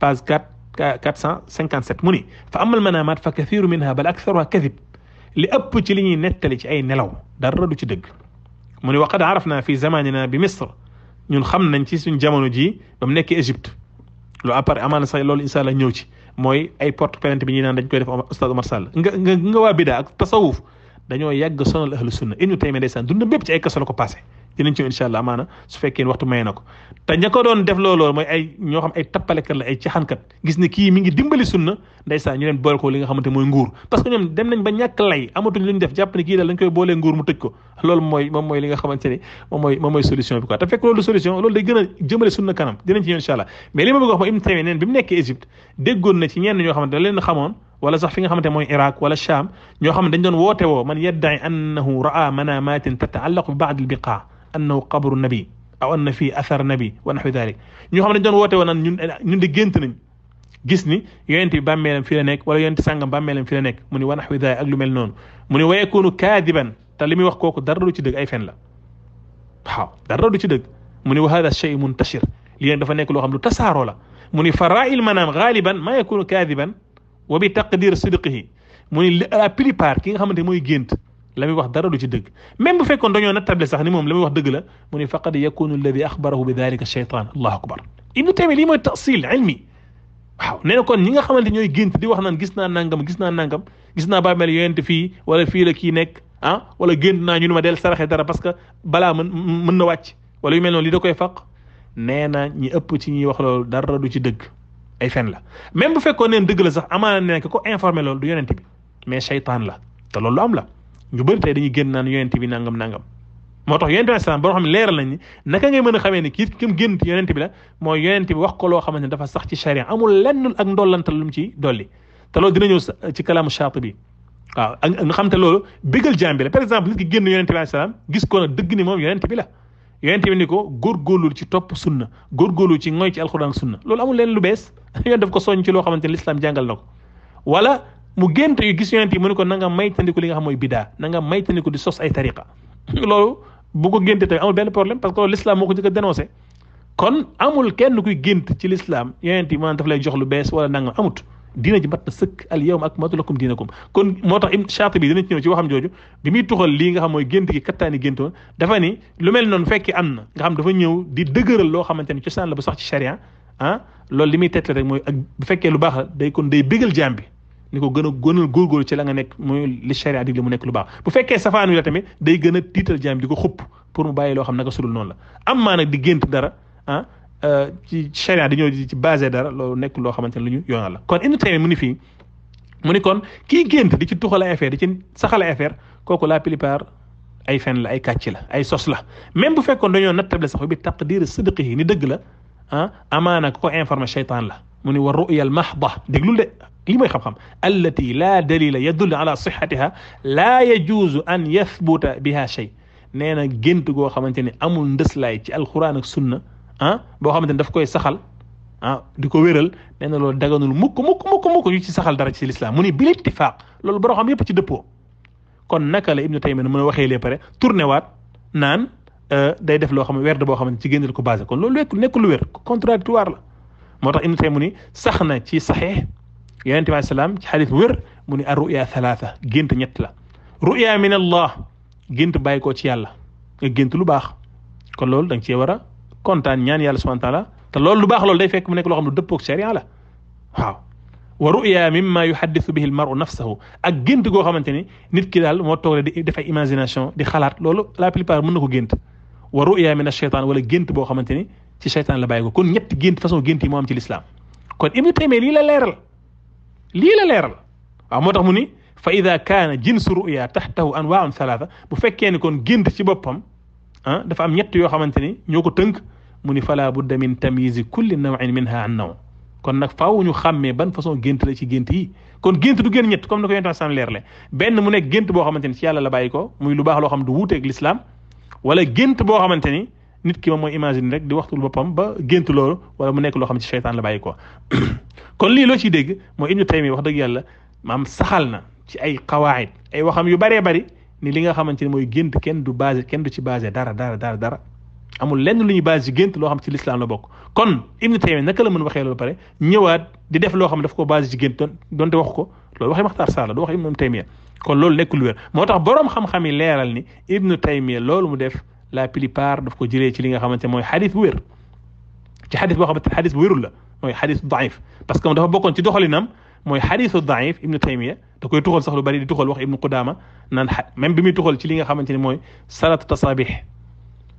باز 4 4 457 mu ne fa amal manaamaat fa kathiru minha bal aktharuha kadib li ëpp ci li ñuy nettali ci ay nelaw dara du ci dëgg mu ne wa qad arafna fi zamanina bi misr ñun xam nañ ci suñ jamono ji ba mu nekk Égypte lu appare amaana sax loolu incha allah ñëw ci mooy ay porte plainte bi ñuy naan dañ koy def oustaz Omar Sall nga nga nga waa bida ak tasawuf dañoo yàgg sonal ahlu sunna ibnu taymiya ndeysaan dund bépp ci ay kaso la ko passé dinañ ci incha allah amaana su fekkee waxtu may na ko te doon def looloo mooy ay ñoo xam ay tappalekat la ay caxankat gis ne kii mi ngi dimbali sunna ndeysaan ñu leen boole ko li nga xamante mooy nguur parce que ñoom dem nañ ba ñàkk lay amatuñ lu ñu def jàpp ne kii daal dañ koy boolee nguur mu tëj ko loolu mooy solution bi quoi te fekk loolu solution loolu day gën a jëmale sunna kanam dinañ ci ñëw incha allah mais li ma bëgg wax mooy Ibn Taymiyya neen bi mu nekkee Égypte déggoon na ci ñenn ñoo xamante ne leen xamoon wala sax fi nga xamante mooy iraq wala sham ñoo xam ne dañ doon woote woo man yaddaci annahu raa manamatin tatacallaqu bi baad albiqaa annahu qabru nabi aw anna fii athar nabi wa naxwi dalik ñoo xam ne dañ doon woote woo naan ñun ñun di gént nañ gis ni yonent bi bàmmeelam fi la nekk wala yonent sàngam bàmmeelam fi la nekk mu ni wa naxwi dalik ak lu mel noonu mu ni wa yakunu kaadiban te li muy wax kooku dara du ci dëgg ay fen la waaw dara du ci dëgg mu ni wa hada shay muntashir lii nag dafa nekk loo xam lu tasaaroo la mu ni fa raa il manaam gaaliban ma yakunu kaadiban وبتقدير صدقه من لا بلي بار كي خامنتي موي غينت لامي واخ دارا لو سي دغ ميم بو فيكون دانيو نتابلي صاح ني موم لامي واخ دغ لا من فقد يكون الذي اخبره بذلك الشيطان الله اكبر ابن تيمي لي موي تاصيل علمي واو نينا كون نيغا خامنتي نيوي غينت دي واخ نان غيسنا نانغام غيسنا نانغام غيسنا با مل يونت في ولا في لا كي نيك ها ولا غينت نا نيو ما ديل سراخي دارا باسكو بلا من من نواتي ولا يمل نون لي داكاي فاق نينا ني اوب سي ني واخ لول دارا لو سي دغ ay fen la même bu fekkoon neen dëgg la sax amaana ne ko ko informé loolu du yonent bi mais seytaan la te loolu am la ñu bëri tey dañuy génn naan yonent bi nangam nangam moo tax yonent bi islam boo xam ne leeral nañ naka ngay mën a xamee ni kii kim génn yonent bi la mooy yonent bi wax ko loo xamante ne dafa sax ci charia amul lenn ak ndollantal lu mu ci dolli te loolu dina ñëw ci kalaamu Shaatibi waaw ak nga xam te loolu bégal jaam bi la par exemple nit ki génn yonent bi alayhi gis ko na dëgg ni moom yonent bi la yonent bi ni ko góorgóorlu ci topp sunna góorgóorlu ci ngoy ci alxuraan sunna loolu amul leen lu bees yoon daf ko soññ ci loo xamante ne lislaam jàngal ko wala mu gént yu gis yonent yi mu ne ko na nga maytandiku li nga xam mooy bidaa na nga maytandiku di sos ay tariqa loolu bu ko génte tamit amul benn problème parce que loolu lislaam moo ko njëkk a dénoncé kon amul kenn kuy gént ci lislaam yonent yi maanaam daf lay jox lu bees wala nanga amut dina ji mat seuk al yawm ak lakum dinakum kon motax tax im Shaatibi dina ci ñëw ci waxam joju bi mi tuxal li nga xam moy gént gi katani gento dafa ni lu mel non fekki amna nga xam dafa ñëw di dëgëral lo xamanteni ci cosaan la bu sax ci sharia han loolu limi tetle rek moy ak bu fekke lu baax day kon day bégal jambi niko gëna gënal gor gor ci la nga nek moy li charia digle mu nek lu baax bu fekke safanu la tamit day gëna a jambi diko xop pour mu bàyyi lo xam naka sulul non la am maa nag di gént dara han ci charia dañu ci baser dara lo nek lo xamanteni ne yonal la kon inu tayme muni fi muni kon ki gént di ci tuxal affaire di ci saxala affaire koku la plupart ay fen la ay kàcc la ay sos la même bu fekkon dañu natable sax bi taqdir sidqihi ni deug la han amana ko informé shaytan la muni ni wa ruya al mahdha mahda lu de li mooy xam-xam allati la dalila yadull ala sihhatiha la yajuz an yathbuta biha shay nee na gént goo xamante ni amul ndëslaay ci alquran ak sunna ah boo xamante daf koy saxal ah di ko wéral nee na loolu daganul mukk mukk mukk mukk ñu ci saxal dara ci lislaam mu ni bil ittifaaq loolu boo xam yëpp ci dëppoo kon naka la Ibnu Taymiya mën a waxee lee pare tourné waat naan day def loo xam ne werd boo xam ne ci génneel ko basé kon loolu nekk nekkul wér contradictoire la moo tax Ibnu Taymiya mu ni sax na ci saxiix yonente bi salaam ci xadis wér mu ni ar ruya thalatha gént ñett la ruya min allah gént bàyyi koo ci yàlla nga gént lu baax kon loolu da nga cee war a kontaan ñaan yàlla subhanahu taala te loolu lu baax loolu day fekk mu nekk loo xam ne dëppoog sharia la waaw wa ruya mimma yuhaddisu bihi almaru nafsahu ak gént goo xamante ni nit ki daal moo toog di def ay imagination di xalaat loolu la plupart mën na ko gént wa ruya min ashaytan wala gént boo xamante ni ci shaytan la bàyyi ko kon ñetti gént façon gént yi moo am ci l'islam kon ibnu taymiya lii la leeral lii la leeral waaw moo tax mu ni fa ida kaana jinsu ruya taxtahu anwaun thalatha bu fekkee ni kon gént ci boppam ah dafa am ñett yo xamanteni ñoko teunk muni fala budda min tamyiz kulli nawin minha an naw kon nak faaw ñu xamé ban façon gént la ci gént yi kon gént du gën ñett comme nako ko yonent sam leer le benn mu nek gént bo xamanteni ci yàlla la bayiko muy lu bax lo xam du wuté ak l'islam wala gént bo xamanteni nit ki moom mooy imagine rek di waxtul bopam ba gént loolu wala mu nek lo xam ci shaytan la bayiko kon li lo ci dégg mooy ibnu taymi wax deug yàlla mam saxal na ci ay qawaid ay waxam yu bare bare ni li nga xamanteni moy gént kenn du basé kenn du ci basé dara dara dara dara amul lenn luñu basé ci gént lo xam ci l'islam la bok kon ibn taymi naka la mën waxé loolu pare ñëwaat di def lo xam daf ko basé ci gént donte wax ko loolu waxé maxtaar sala do wax ibnu taymi kon loolu nekkul wér motax borom xam-xam yi leeral ni ibn taymi loolu mu def la plupart daf ko jëlé ci li nga xamanteni moy hadith wér ci hadith bo xam xadis bu wérul la moy hadith dhaif parce que dafa bokon ci doxalinam mooy xadiisu daif ibnu taymiya da koy tuxal sax lu bari di tuxal wax ibnu qudaama naan même bi muy tuxal ci li nga xamante ni salatu tasabih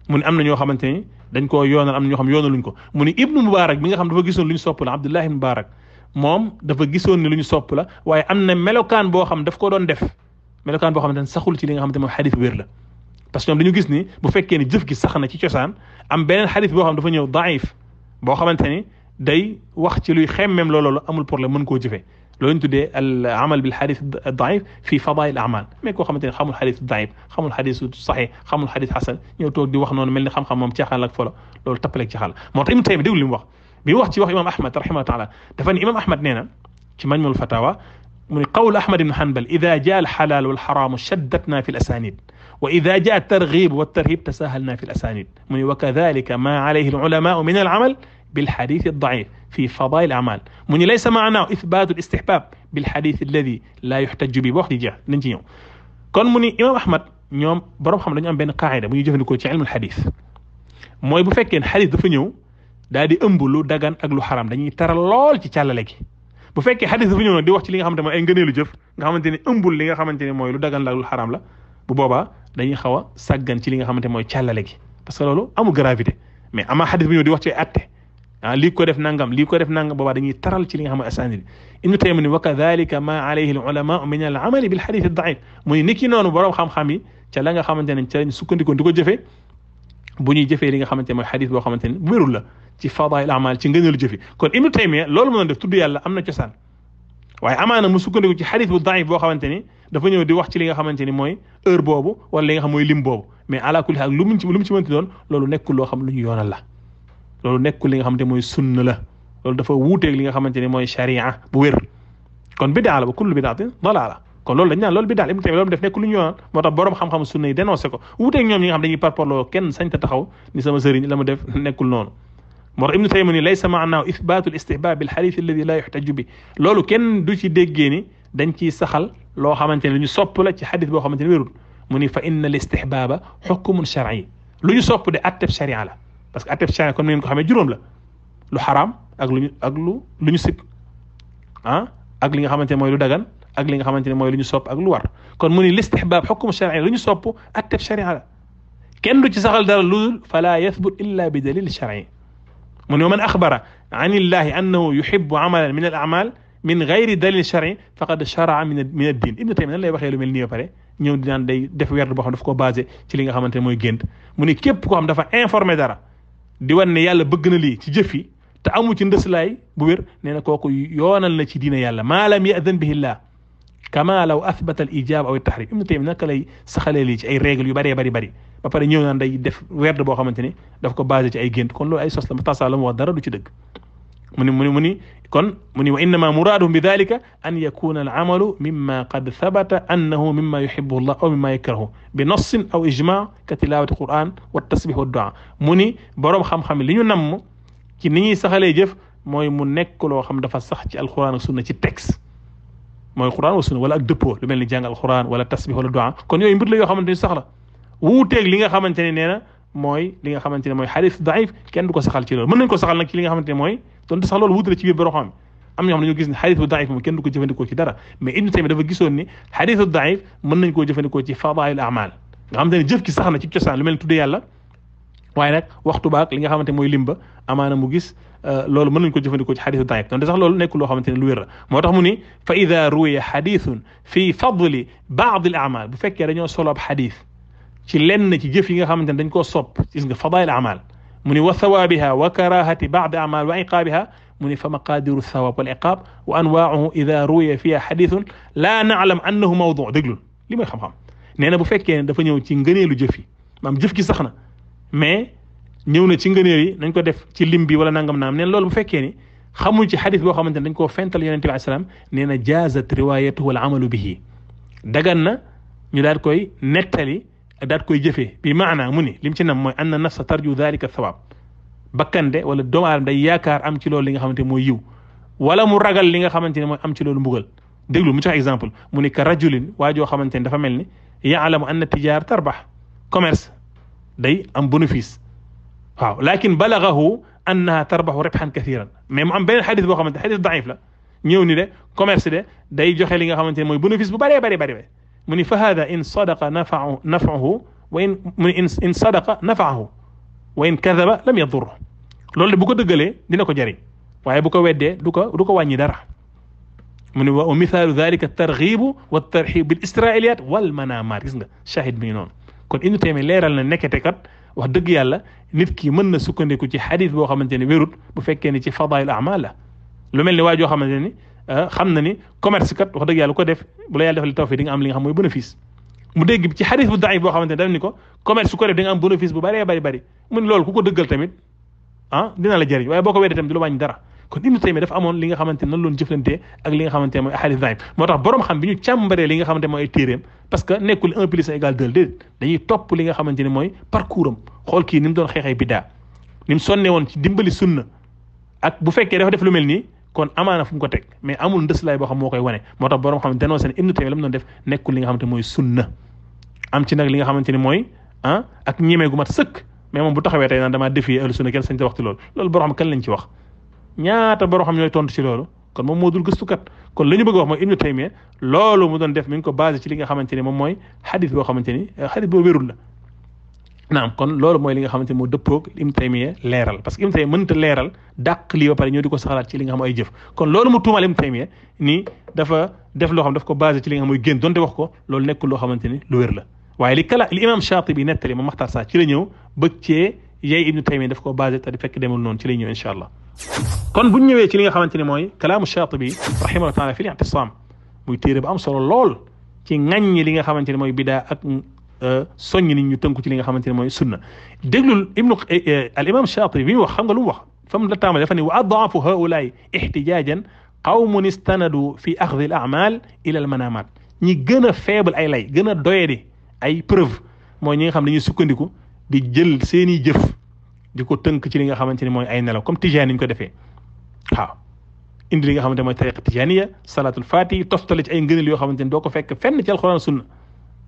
mun ne am na ñoo xamante ni dañ koo yoonal am na ñoo xam yoonaluñ ko mu ibnu mubarak bi nga xam dafa gisoon lu ñu la abdullah ibnu mubarak moom dafa gisoon ni lu la waaye am na melokaan boo xam daf ko doon def melokan boo xamante ne saxul ci li nga xamante mooy xadis wér la parce que ñoom dañu gis ni bu fekkee ni jëf gi sax na ci cosaan am beneen xadis boo xam dafa ñëw daif boo xamante day wax ci luy xemmem loolu amul problème mën koo jëfee لو انتو دي العمل بالحديث الضعيف في فضائل الاعمال مي كو خامو الحديث الضعيف خامو الحديث الصحيح خامو الحديث حسن نيو توك دي واخ نون ملي خام خام مام تي خال لك فولا لول تابل لك تي خال مو تيم طيب، تيم طيب، دي ولي واخ بي واخ تي واخ امام احمد رحمه الله تعالى دافاني امام احمد نينا تي ماني مول فتاوى من قول احمد بن حنبل اذا جاء الحلال والحرام شدتنا في الاسانيد واذا جاء الترغيب والترهيب تساهلنا في الاسانيد من وكذلك ما عليه العلماء من العمل بالحديث الضعيف في فضائل الأعمال من ليس معناه إثبات الاستحباب بالحديث الذي لا يحتج به بوقت جاء نجي يوم كون مني إمام أحمد يوم برب حمد نجي بين قاعدة من يجفن كوتي علم الحديث موي بو فكين حديث دفنيو دادي أمبلو دغان أغلو حرام دني ترى لول تي تالا لكي بو فكي حديث دفنيو دي وقت لغا حمد ما ينجني لجف غا حمد تني أمبل لغا حمد تني موي لدغان لغلو حرام لا bu boba dañuy xawa saggan ci li nga xamante moy cialale gi parce que lolu amu gravité mais ama hadith bi ñu di wax ci atté li ko def nangam li ko def nangam boba dañuy taral ci li nga xam ne asaanid ibnu taymi ni wa kadhalika ma alayhi al ulama min al amal bil hadith al daif mu niki nonu borom xam xami ci la nga xamante ci ca lañ sukkandikoon di ko jëfee bu li nga xamante moy hadith bo xamante bu wérul la ci fadail amal ci ngeenelu jëfe kon ibnu taymiya lolou mo def tuddu yàlla amna ci san waye amana mu sukkandiko ci hadith bu daif bo xamante dafa ñëw di wax ci li nga xamante moy heure bobu wala li nga xam moy lim bobu mais ala kulli hal lu mu ci lu mu ci mënti doon lolou nekkul lo xam lu ñu yonal la loolu nekkul li nga xamante mooy sunna la loolu dafa wuuteeg li nga xamante ne mooy sharia bu wér kon bi la ba kullu bidaatin dalaala kon loolu dañ naan loolu bi daal Ibnu Taymiyya loolu def nekk lu ñu moo tax borom xam-xam sunna yi dénoncé ko wuuteeg ñoom ñi nga xam dañuy parparloo kenn sañ ta taxaw ni sama sëriñ la mu def nekkul noonu moo tax Ibnu Taymiyya ni laysa maanaahu ithbaatu l istihbaab bil xadiis alladi la yuxtaju bi loolu kenn du ci déggee ni dañ ciy saxal loo xamante ne lu ñu sopp la ci xadis boo xamante ne wérul mu ni fa inna l istihbaaba xukmun sharci lu ñu sopp de atteb sharia la parce que atef charia comme ni ngeen ko xamé djuroom la lu haram ak lu ak lu luñu sip han ak li nga xamante moy lu dagan ak li nga xamante moy luñu sop ak lu war kon mu listihbab hukm shar'i luñu sop atef shari'a la kenn du ci saxal dara lu fala yathbut illa bi dalil charia من ومن أخبر عن الله أنه يحب عملا من الأعمال من غير دليل شرعي فقد شرع من من الدين ابن تيميه لا waxee لو mel nii نيو دي نان داي ديف day def werd boo xam daf ko basé ci li nga xamante ne mooy gént mu ni di wane yàlla bëgg na li ci jëf yi te amu ci lay bu wér neena koku yonal na ci diina yàlla maa lam yadan bihi llah kama law athbata al ijab aw al tahrim ibnu taymi naka lay saxalee lii ci ay règle yu bari bari bari ba pare ñëw na day def werd bo xamanteni daf ko baser ci ay gént kon lool ay sos la mu tasaa la dara du ci dëgg muni muni muni كن من وإنما مرادهم بذلك أن يكون العمل مما قد ثبت أنه مما يحبه الله أو مما يكرهه بنص أو إجماع كتلاوة القرآن والتسبيح والدعاء مني بروم خم خم لين نم كي سهل يجف موي مو نيك لو خم دفا صح تي القران والسنه تي تكس القران والسنه ولا دبو لو ملي القران ولا التسبيح ولا الدعاء كون يوي مبل يو خامتني صح لا ووتيك ليغا mooy li nga xamante ne mooy xadis daif kenn du ko saxal ci loolu mën nañ ko saxal nag ci li nga xamante ne mooy doon sax loolu wutale ci biir borom xam am ñoo xam ne dañoo gis ne xadis bu daif moom kenn du ko jëfandikoo ci dara mais ibnu taymi dafa gisoon ni xadisu daif mën nañ koo jëfandikoo ci fadail amal nga xamante ne jëf ki sax na ci cosaan lu mel ne tuddee yàlla waaye nag waxtu baak li nga xamante mooy limba amaana mu gis loolu mën nañ ko jëfandikoo ci xadisu daif donte sax loolu nekkul loo xamante ne lu wér la moo tax mu ni fa ida ruwiya xadithun fi fadli baad al amal bu fekkee dañoo solob xadis ci lenn ci jëf yi nga xamantene dañ ko sopp gis nga fadail amal muni wa thawabiha wa karahati ba'd amal wa iqabiha muni fa maqadiru thawab wal iqab wa anwa'uhu idha ruya fiha hadith la na'lam annahu mawdu deglu limay xam-xam neena bu fekkee dafa ñëw ci ngeeneelu jëf yi maam jëf gi saxna mais ñëw na ci ngeeneel yi nañ ko def ci limbi wala nangam naam neen loolu bu fekkee ni xamul ci hadith boo xamante ne dañ koo fental yonente bi salaam nee na jaazat riwayatuhu wal amalu bihi dagan na ñu daal koy nettali daat koy jëfee bi maana mu ni lim ci nam mooy an na nafsa tarju dhalika thawaab bakkan de wala doomu aadama day yaakaar am ci loolu li nga xamante mooy yiw wala mu ragal li nga xamante ne mooy am ci loolu mbugal déglu mu jox exemple mu ni ka rajulin waa joo xamante ne dafa mel ni yaalamu anna tijaar tarbax commerce day am bénéfice waaw lakin balagahu annaha tarbaxu ribxan kathiran mais mu am beneen xadis boo xamante xadis daif la ñëw ni de commerce de day joxe li nga xamante ne mooy bénéfice bu bëree bëri bëri من فهذا إن صدق نفعه, نفعه وإن إن صدق نفعه وإن كذب لم يضره لول بوكو دغالي دينا كو جاري واي بوكو ودي دوكو دوكو واني دارا من ومثال ذلك الترغيب والترحيب بالإسرائيليات والمنامات غيسنغا شاهد بي نون كون اينو تيمي ليرال نا نيكيتي كات واخ دغ يالا نيت كي من نا سوكانديكو سي حديث بو خامتاني ويروت بو فكيني سي فضائل الاعمال لو ملني واجو خامتاني xam na ni commerce kat wax dëgg yàlla ko def bu la yàlla defal tawfiq di nga am li nga xam mooy bénéfice mu dégg ci xarit bu daif boo xamante ne daf ni ko commerce su ko def di nga am bénéfice bu bëree bëri bëri mu ne loolu ku ko dëggal tamit ah dina la jëriñ waaye boo ko weddee tamit du la wàññi dara kon ibnu taymiya dafa amoon li nga xamante ne noonu loon ak li nga xamante ne mooy xaalis daif moo tax borom xam bi ñu càmbaree li nga xamante mooy ay téeréem parce que nekkul un plus un égal deux déedéet dañuy topp li nga xamante ne mooy parcours am xool kii ni mu doon xeexee bidda ni mu sonne woon ci dimbali sunna ak bu fekkee dafa def lu mel nii kon amaana fu mu ko teg mais amul ndëslaay boo xam moo koy wane moo tax borom xam dénoncé ne Ibnu Taymiya la mu def nekkul li nga xamante mooy sunna am ci nag li nga xamante ni mooy ah ak ñemee gu mat sëkk mais moom bu taxawee tey naan damaa défier loolu loolu borom xam kan lañ ci wax ñaata borom xam ñooy moom moo dul gëstukat kon la ñu bëgg wax mooy Ibnu Taymiya loolu mu doon def mi ngi ko basé ci li nga xamante ni moom mooy xadis boo xamante ni xadis boo wérul la naam kon loolu mooy li nga xamante moo dëppoog Taymiya leeral parce que Ibn Taymiya mënta leeral dàq lii ba pare ñoo di ko saxalaat ci li nga ko basé ci li nga xam mooy génn donte wax ko nekkul loo xamante lu wér la waaye li kala allah l muy téere bu am solo lool ci ŋaññi li nga xamante ni mooy bidaa ak soññ ni ñu tënku ci li nga xamante ne mooy sunna déglul ibnu al imam Shaatibi bi wax xam nga lu wax fam la taamal dafa ne wa adhafu haulaay ihtijajan qawmun istanadu fi akhdh al amal ila al manamat ñi gëna faible ay lay gëna doyé di ay preuve moy ñi nga xam dañuy sukkandiku di jël seeni jëf diko tënk ci li nga xamante ne mooy ay nelaw comme tijani ñu ko défé waaw indi li nga xamante ne mooy tariqa tijaaniya salatul fati toftale ci ay ngeenel yo xamante ne doo ko fekk fenn ci al qur'an sunna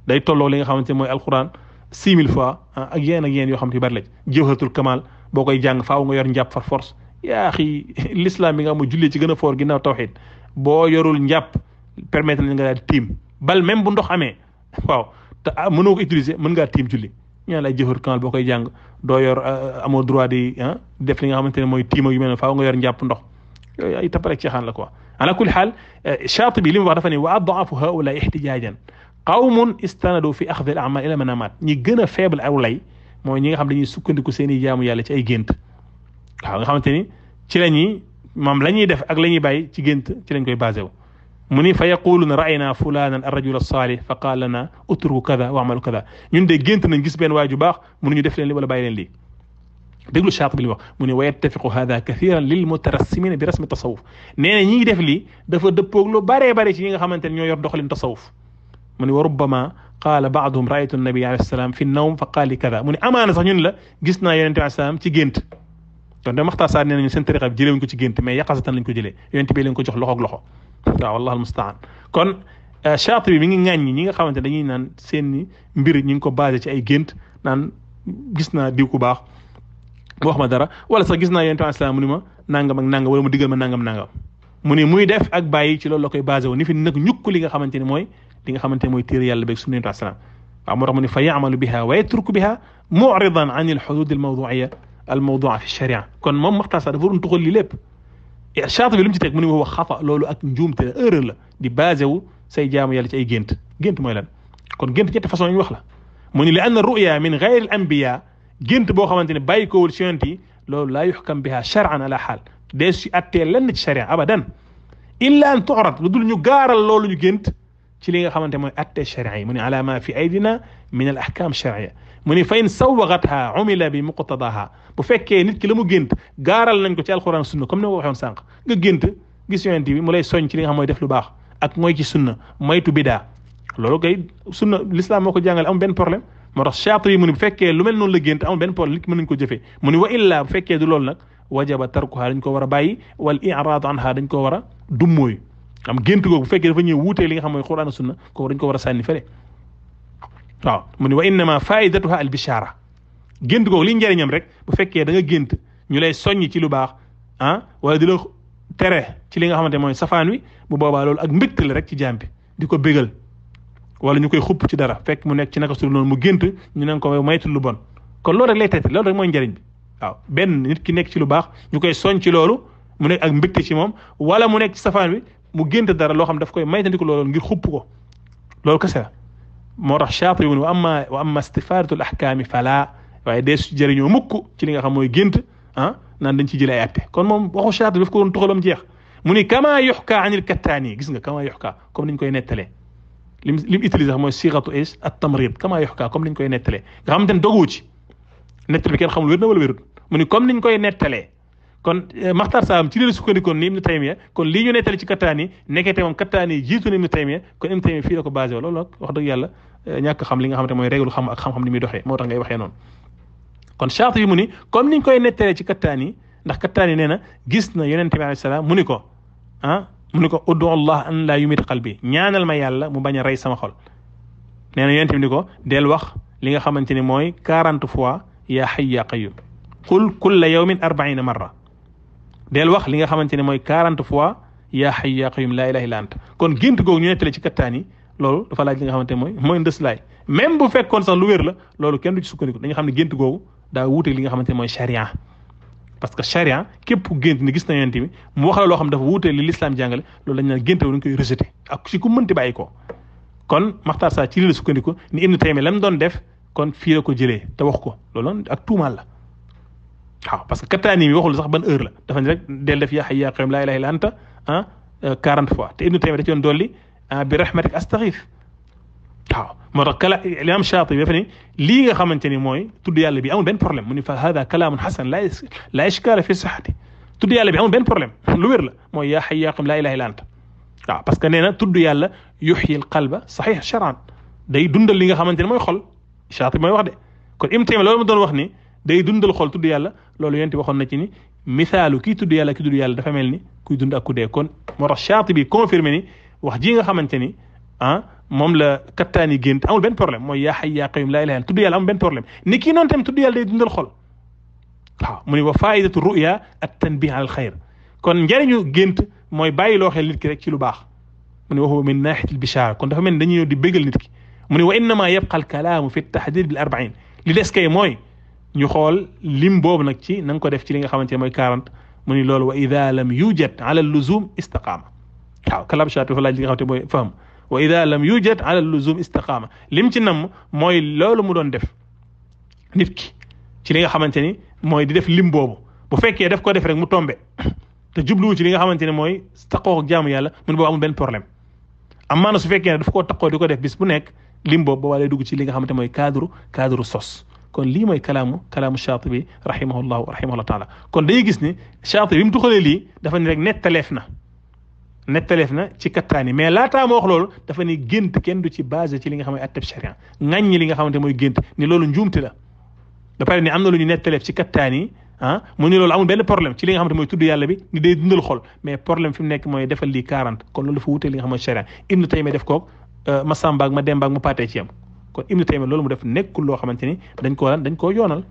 day tolloo li nga xamante mooy alquran six mille fois ak yéen ak yéen yoo xam te bari la jawharatul kamal boo koy jàng faaw nga yor njàpp far force yaa xi l'islam bi nga mu julli ci gën a foor ginnaaw tawxid boo yorul njàpp permettre nañ nga daal tiim bal même bu ndox amee waaw te mënoo ko utiliser mën ngaa tiim julli ñaan lay jëfar kamal boo koy jàng doo yor amoo droit di def li nga xamante ne mooy tiim ak yu mel faaw nga yor njàpp ndox yooyu ay tapare ci ceexaan la quoi ala kulli xaal chaati bi li mu wax dafa ne wa adaafu haula ihtijajan قوم استندوا في اخذ الاعمال الى منامات ني غنا فيبل او لاي مو نيغا خا داني سوكانديكو سيني جامو يالا تي اي غنت خاغا خا تي لا ني مام لا ني ديف اك لا ني باي تي غنت تي لنجكاي بازيو مني فيقولون راينا فلانا الرجل الصالح فقال لنا اترك كذا واعمل كذا نون دي غنت نان غيس بن واجو باخ مونو ني ديف لين لي ولا باي لين لي deglu shaq bi li wax mune wayatafiqu hadha kathiran lil mutarassimin bi rasm at tasawuf neena ñi ngi def li dafa deppok lu bare bare ci ñi nga من وربما قال بعضهم رايت النبي عليه السلام في النوم فقال لي كذا من امانه صح لا جسنا يونس عليه السلام تي جنت كون يعني دا مختار سار نين سن طريقه جيلو نكو تي جنت مي يقاصه نكو جيلي يونس يعني بي لنكو جخ لوخوك لوخو والله المستعان كون آه، شاطبي ميغي غاني نيغا خاونتي داني نان سين مبير نينكو بازي تي اي جنت نان جسنا ديكو باخ بوخ ما دارا ولا سا جسنا يونس عليه السلام منيما نانغام نانغام ولا ما ديغال ما نانغام نانغام muni muy def ak bayyi ci loolu la koy basé wu ni fi nag ñukk li nga xamante ni mooy li nga xamantene moy tire yàlla bek sunnatu sallam wa mo ramani fa ya'malu biha wa yatruku biha muridan an al hudud al mawduiyya al mawdua fi sharia kon mom muxtasar Sarr dafa doon tuxal lii lépp irshad bi lu ci tek mu ne wax xafa loolu ak njumte erreur la di basewu say jaamu yàlla ci ay gént gént moy lan kon gént ñetti façon ñu wax la mu li anna ruya min ghayr al anbiya gént bo xamantene bayiko wul si lolu la yuhkam biha shar'an ala hal des ci atté lenn ci shari'a abadan illa an tu'rad lu dul ñu garal lolu ñu gént ci li nga xamante mooy atte charia yi mu ne ala ma fi aydina min al ahkam charia mu ne fa in umila bi muqtadaha bu fekkee nit ki la mu gént gaaral nañ ko ci alquran sunna comme ni ma waxoon sànq nga gént gis yonent bi mu lay soñ ci li nga xam mooy def lu baax ak mooy ci sunna moytu bida loolu kay sunna l'islam moo ko jàngale amul benn problème moo tax chaatri mu ne bu fekkee lu mel noonu la gént amul benn problème nit ki mën nañ ko jëfee mu ne wa illa bu fekkee du loolu nag wajaba tarkuha dañ ko war a bàyyi wal i'raad anha dañ ko war a dummooyu am gént googu bu fekkee dafa ñu wuutee li nga xam mooy xuraan sunna kooku dañ ko war a sànni fële waaw mu ne wa innama faidatuha al bishara gént googu li njëriñam rek bu fekkee da nga gént ñu lay soññ ci lu baax ah wala di ci li nga xamante mooy safaan wi bu boobaa loolu ak mbégte la rek ci jaam di ko bégal wala ñu koy xupp ci dara fekk mu nekk ci naka suul noonu mu gént ñu ne ko maytul lu bon kon loolu rek lay tete mooy njëriñ bi waaw benn nit ki nekk ci lu baax ñu koy soñ ci loolu mu nekk ak mbégte ci moom wala mu nekk ci safaan wi mu génte dara loo xam daf koy maytandiku loolu ngir xupp ko loolu kese la moo tax chaafri mu ne wa amma wa amma istifaratu al ahkaami fala waaye des su jëriñoo mukk ci li nga xam mooy gént ah naan dañ ci jëlee ay atte kon moom waxu chaafri daf ko doon tuxalam jeex mu ni kama yuxka anil kattani gis nga kama yuhka comme niñ koy nettalee lim lim utiliser mooy siixatu is at tamrid kama yuhka comme niñ koy nettalee nga xam tane dogu ci nettal bi kenn xamul wér na wala wérut mu ni comme niñ koy nettalee kon maxtar saam ci li la sukkandikoon ni Ibnu Taymiya kon lii ñu nettali ci kattaani nekkete moom kattaani jiitu na Ibnu Taymiya kon Ibnu Taymiya fii la ko basé wu loolu wax dëgg yàlla ñàkk xam li nga xamante mooy réglu xam ak xam-xam ni muy doxee moo tax ngay waxee noonu kon Shaatibi mu ni comme niñ koy nettalee ci kattaani ndax kattaani nee na gis na yonente bi alayhi salaam mu ni ko ah mu ni ko uddu allah an laa yumit qalbi ñaanal ma yàlla mu bañ a rey sama xol nee na yonente bi ni ko del wax li nga xamante ni mooy quarante fois yaa hayy yaa qayyum qul kulla yawmin arbaina marra del wax li nga xamante ne mooy quarante fois yaa hayyu yaa qayyum laa ilaaha illa kon gént googu ñu nettali ci kattaan yi loolu dafa laaj li xamante ne mooy mooy ndëslaay même bu fekkoon sax lu wér la loolu kenn du ci sukkandiku dañu xam ne gént googu daa wuuteeg li nga xamante ne mooy charia parce que charia képp gis na yonent bi mu loo xam dafa wuuteeg li l'islam jàngale loolu lañu naan gént wu ñu koy rejeté ak si ku mënti bàyyi ko kon Maxtaar Saa ci lii la sukkandiku ni Ibnu Taymiya la mu doon def kon fii ko jëlee te wax ko looloon ak tuumaal la waaw parce que Kattaani mi waxul sax ban heure la dafa ne rek del def yaa hayyu yaa qayyuum laa illa anta ah 40 fois te Ibnu Taymiya da ci won doli bi rahmatik astaghif waaw mo tax kala Imaam shati dafa ne li nga xamanteni moy mooy tudd yàlla bi amul ben problème mu ne fa hadha kalam hasan laa la ishkaala fi sihhati tudd yàlla bi amul ben problème lu wér la moy yaa hayyu yaa qayyuum laa illa anta waaw parce que neena na tudd yàlla yuhyi al qalba saxiix charan day dundal li nga xamanteni moy xol shati moy wax de kon Ibnu Taymiya loolu mu doon wax ni day dundal xol tuddu yàlla lolou yonent waxon na ci ni misalu ki tuddu yàlla ki tuddu yàlla dafa melni kuy dund ak kudé kon moo tax Shaatibi confirmé ni wax ji nga xamanteni han mom la kattaan gént amul ben problème moy ya hayya qayyum la ilaha ilaaha illa tudd yàlla amul ben problème ni kii noonu tamit tudd yàlla day dundal xol wa muni wa faidatu ruya at tanbih al khair kon njariñu gént moy bàyyi lo xel nit ki rek ci lu bax muni ne wa huwa min nahit al bishar kon dafa melni dañuy di bégal nit ki muni ne wa innama yabqa al kalam fi at-tahdid bil arbain li des kay moy ñu xool lim boobu nag ci na nga ko def ci li nga xamante ne mooy quarante mu ni loolu wa ida lam yujad ala luzum istaqaama waaw kalab shaat dafa laaj li nga xamante mooy faham wa ida lam yujad ala luzum istaqaama lim ci nam mooy loolu mu doon def nit ki ci li nga xamante ni mooy di def lim boobu bu fekkee daf ko def rek mu tombe te jubluwu ci li nga xamante ne mooy taqoo jaamu yàlla mu ne boobu amul benn problème amaana su fekkee ne dafa koo taqoo di ko def bis bu nekk lim boobu ba dugg ci li nga xamante mooy cadre cadre sos kon lii mooy kalaamu kalaamu Shaatibi rahimahullahu rahimahullahu taala kon dañuy gis ni Shaatibi bi mu tuxalee lii dafa ni rek nettaleef na nettaleef na ci kattaani mais laataa ma wax loolu dafa ni gént kenn du ci basé ci li nga xam ne atteb sharia ŋàññi li nga xamante mooy gént ni loolu njuumte la ba pare ni am na lu ñu nettaleef ci kattaani ah mu ni loolu amul benn problème ci li nga xamante mooy tudd yàlla bi ni day dundal xol mais problème fi mu nekk mooy defal lii 40 kon loolu dafa wutee li nga xam ne sharia ibnu taymiya def koog ma sàmbaag ma ma paatee ci yam kon ibnu taymiya loolu mu def nekkul loo xamante ni dañ koo dañ koo yoonal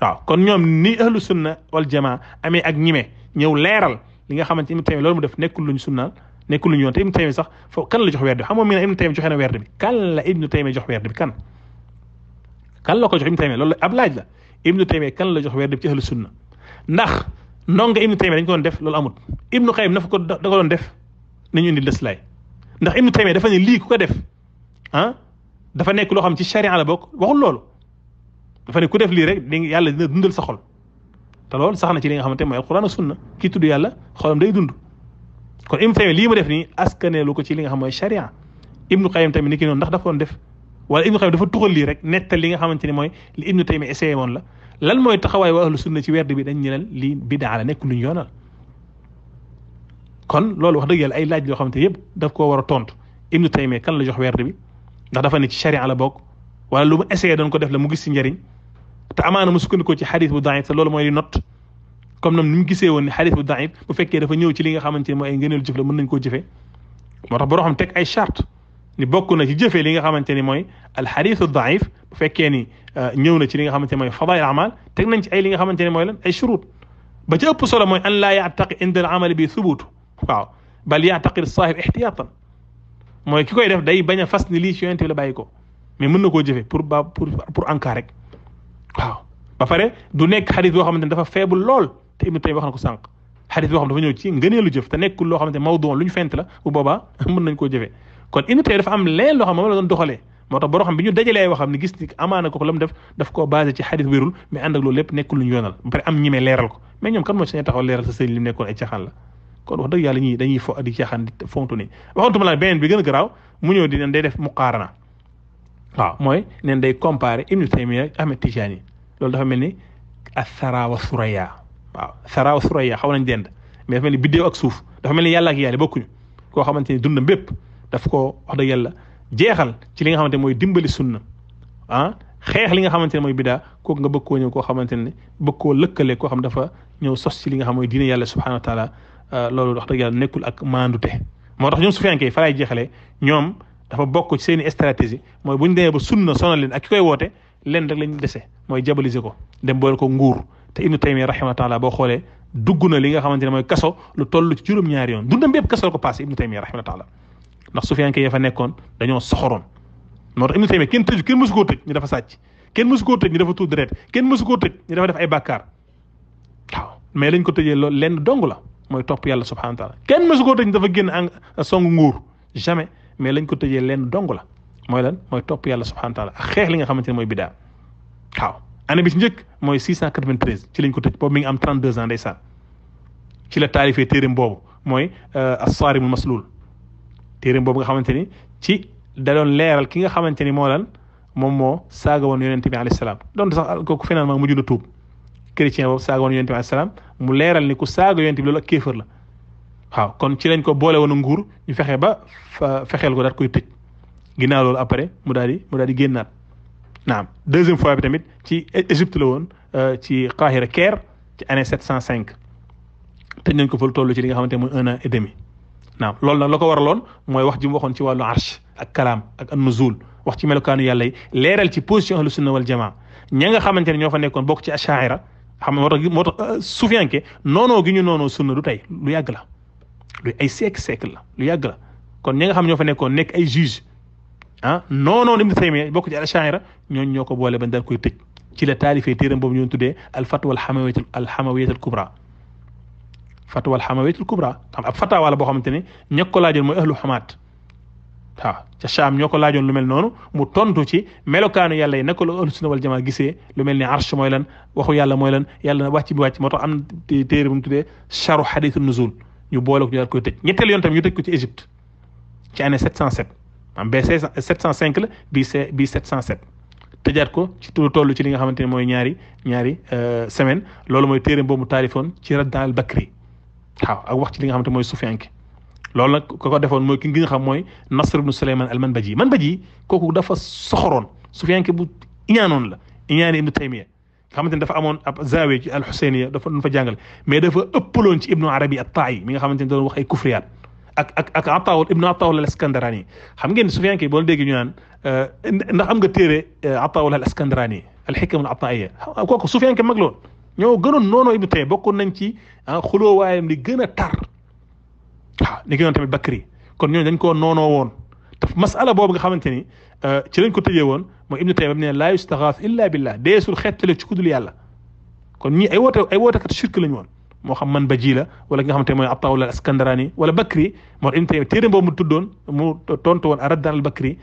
waaw kon ñoom ni ahlu sunna wal jamaa amee ak ñime ñëw leeral li nga xamante ibnu taymiya loolu mu def nekkul luñ sunna nekkul luñ yoon te ibnu taymiya sax fo kan la jox werd bi xamoo mi na ibnu taymiya joxe na werd bi kan la ibnu taymiya jox werd bi kan kan la ko jox ibnu taymiya loolu ab laaj la ibnu taymiya kan la jox werd bi ci ahlu sunna ndax ndonga ibnu taymiya dañ ko doon def loolu amut ibnu qayyim dafa ko da ko doon def nañu indi leslay ndax ibnu taymiya dafa ne lii ku ko def ah dafa nek lo xam ci sharia la bok waxul lolu dafa nek ku def li rek yàlla dina dundal sa xol ta lolu saxna ci li nga xamantene moy alquran sunna ki tuddu yàlla xolam day dund kon im taymiya li mu def ni askane lu ko ci li nga xam moy sharia ibnu qayyim tamit ni ki noonu ndax dafa doon def wala ibnu qayyim dafa tuxal li rek nettal li nga xamantene moy li ibnu taymi essayé won la lan moy taxaway wa ahlus sunna ci werd bi dañ ñëlal li bid'a la nek lu ñu kon lolu wax deug yàlla ay laaj yoo xamantene yeb daf ko wara tontu ibnu taymi kan la jox werd bi ndax dafa ne ci sharia la bokk wala lu mu essayé dañ ko def la mu gis si njëriñ te amaana mu sukkandiko ci hadith bu daif te loolu mooy not comme nam ni mu gisee woon ne xadis bu daif bu fekkee dafa ñëw ci li nga xamante ne mooy ay ngëneelu jëf la mën nañ koo jëfe moo tax borom xam teg ay charte ni bokk na ci jëfee li nga xamante ni mooy alxadisu daif bu fekkee ni ñëw na ci li nga xamante ne mooy fadail amal teg nañ ci ay li nga xamante ne mooy lan ay shurut ba ci ëpp solo mooy an laa yaataqi inda al amali bi thubutu waaw bal yaataqi sahib ihtiyatan mooy ki koy def day bañ a fas ni lii ci yonent bi la bàyyi ko mais mën na koo jëfe pour ba pour pour ANCAR rek waaw. ba pare du nekk xadis boo ne dafa faible lool te Ibnu Taymiyya wax na ko sànq xadis boo xam te nekkul loo xamante ne mawdu lu ñu fent la bu boobaa mën nañ koo jëfe kon Ibnu Taymiyya dafa xam moo tax boroom xam bi ñu dajalee waxam ni gis ni amaana ko la mu def daf koo basé ci xadis wérul mais ànd loolu lépp nekkul lu yoonal ba pare am ñime leeral ko mais ñoom kan moo ci ne taxaw leeral sa sëriñ nekkoon ay caxaan la kon wax deug yàlla ñi dañuy fo di caaxaan di fontu ni waxantuma la benen bi gëna graw mu ñëw di ñen day def muqaarana wa moy ñen day comparer Ibnu Taymiya ak Ahmed Tijani lool dafa melni athara wa suraya wa thara wa suraya xaw nañ dend mais dafa melni ni ak suuf dafa melni yàlla ak yàlla bokku ñu ko xamanteni dund mbep daf ko wax dëgg yàlla jeexal ci li nga xamanteni moy dimbali sunna han xeex li nga xamanteni moy bida ko nga bëgg koo ñëw ko xamanteni ne bëgg lëkkale ko xam dafa ñëw sos ci li nga xam moy diine yàlla subhanahu wa taala loolu wax dëgg yàlla nekkul ak mandute moo tax ñoom su fekkee fa lay jeexalee ñoom dafa bokk ci seen i stratégie mooy bu ñu demee ba sunna sonal leen ak ki koy woote leen rek lañ dese mooy jabaliser ko dem boole ko nguur te ibnu taymi rahimahullah taala boo xoolee dugg na li nga xamante ne mooy kaso lu toll ci juróom-ñaari yoon dundam bépp kaso la ko passé ibnu taymi rahimahullah taala ndax su fekkee ya fa nekkoon dañoo soxoroon moo tax ibnu taymi kenn tëj kenn mësu koo tëj ñu dafa sàcc kenn mësu koo tëj ñu dafa tuur deret kenn mësu koo tëj ñu dafa def ay bàkkaar waaw mais lañ ko tëjee loolu lenn dong la mooy topp yàlla subhanahu taala kenn mësu koo tëj dafa génn en song nguur jamais mais lañ ko tëjee leen dong la mooy lan mooy topp yàlla subhanahu wa taala ak xeex li nga xamante ne mooy bidaa waaw année bi ci njëkk mooy 693 ci lañ ko tëj boobu mi ngi am 32 ans ndeysaan ci la taalifee téeréem boobu mooy assaarimul masluul téeréem boobu nga xamante ni ci da doon leeral ki nga xamante ni moo lan moom moo saaga woon yonente bi alayhi salaam donte sax ko finalement mu na tuub chrétien boobu saaga woon yonente bi alayhi salaam mu leral ni ku saaga yonent bi lolu kefeur la waaw kon ci lañ ko bolé woon nguur ñu fexe ba fexel ko dat koy tëj ginnaaw lolu après mu dadi mu dadi gennat naam deuxième fois bi tamit ci Égypte la won ci Qahira Caire ci année 705 tëj nañ ko fa tollu ci li nga xamante moy 1 an et demi naam lolu nak lako waralon moy wax ji mu waxon ci walu arsh ak kalam ak an-nuzul wax ci melokanu yàlla leral ci position ahlus sunna wal jamaa ña nga xamante ne ñoo fa nekkoon bokk ci ashaira xam moo tax moo tax soufiyaan ke noonoo gi ñu noonoo sunna du tey lu yàgg la lu ay siècle siècle la lu yàgg la kon ñi nga xam ñoo fa nekkoon nekk ay juge ah noonoo Ibnu Taymiya bokk ci al-Ash'ari ñooñ ñoo ko boole ba daal koy tëj ci la taalifee téeram boobu ñu tuddee al fatwa al hamawiyya al hamawiyya fatwa al hamawiyya xam ab fatawa la boo xamante ne ña ko laajoon mooy ahlu xamaat waaw ca Shaam ñoo ko laajoon lu mel noonu mu tontu ci melokaanu yàlla yi naka la ahlu sunna wal jamaa gisee lu mel ni arsh mooy lan waxu yàlla mooy lan yàlla na wàcc bi wàcc moo tax am na téere bu mu tuddee charu hadithu nuzul ñu boole ko ñu daal koy tëj ñetteel yoon tam ñu tëj ko ci Égypte ci année 707 am ba 705 la bii c bii 707 tëjaat ko ci lu toll ci li nga xamante ne mooy ñaari ñaari euh, semaine loolu mooy téere boobu mu taarifoon ci Radd al Bakri waaw ak wax ci li nga xamante mooy sufiyanke loolu nag ko ko defoon mooy ki nga xam mooy Nasr ibnu Suleyman al Manbaji Manbaji kooku dafa soxoroon Sufyaan bu iñaanoon la iñaane ibnu Taymiya xamante ne dafa amoon ab zaawee ci al Xuseyniya dafa doon fa jàngale mais dafa ëppaloon ci ibnu Arabi at Taayi mi nga xamante ne doon wax ay kufriyaat ak ak ak Ataawul ibnu Ataawul al Iskandaraani xam ngeen Sufyaan boo dégg ñu naan ndax am nga téere Ataawul al Iskandaraani al xikam al Ataayiya kooku Sufyaan mag loon ñoo gënoon noonu ibnu Taymiya bokkoon nañ ci xuloowaayam li gën a tar waaw ni ko yoon tamit Bakri kon ñooñu dañ koo noonoo woon te masala boobu nga xamante ni ci lañ ko tëjee woon mooy ibnu taymiya ne laa yustaxaaf illa billah deesul xettale ci kudul yàlla kon ñii ay woote ay wootekat shirk lañ woon moo xam man ba ji la wala ki nga xamante mooy Ataul Askandarani wala Bakri moo ibnu taymiya téere boobu mu tuddoon mu tontu woon a raddal Bakri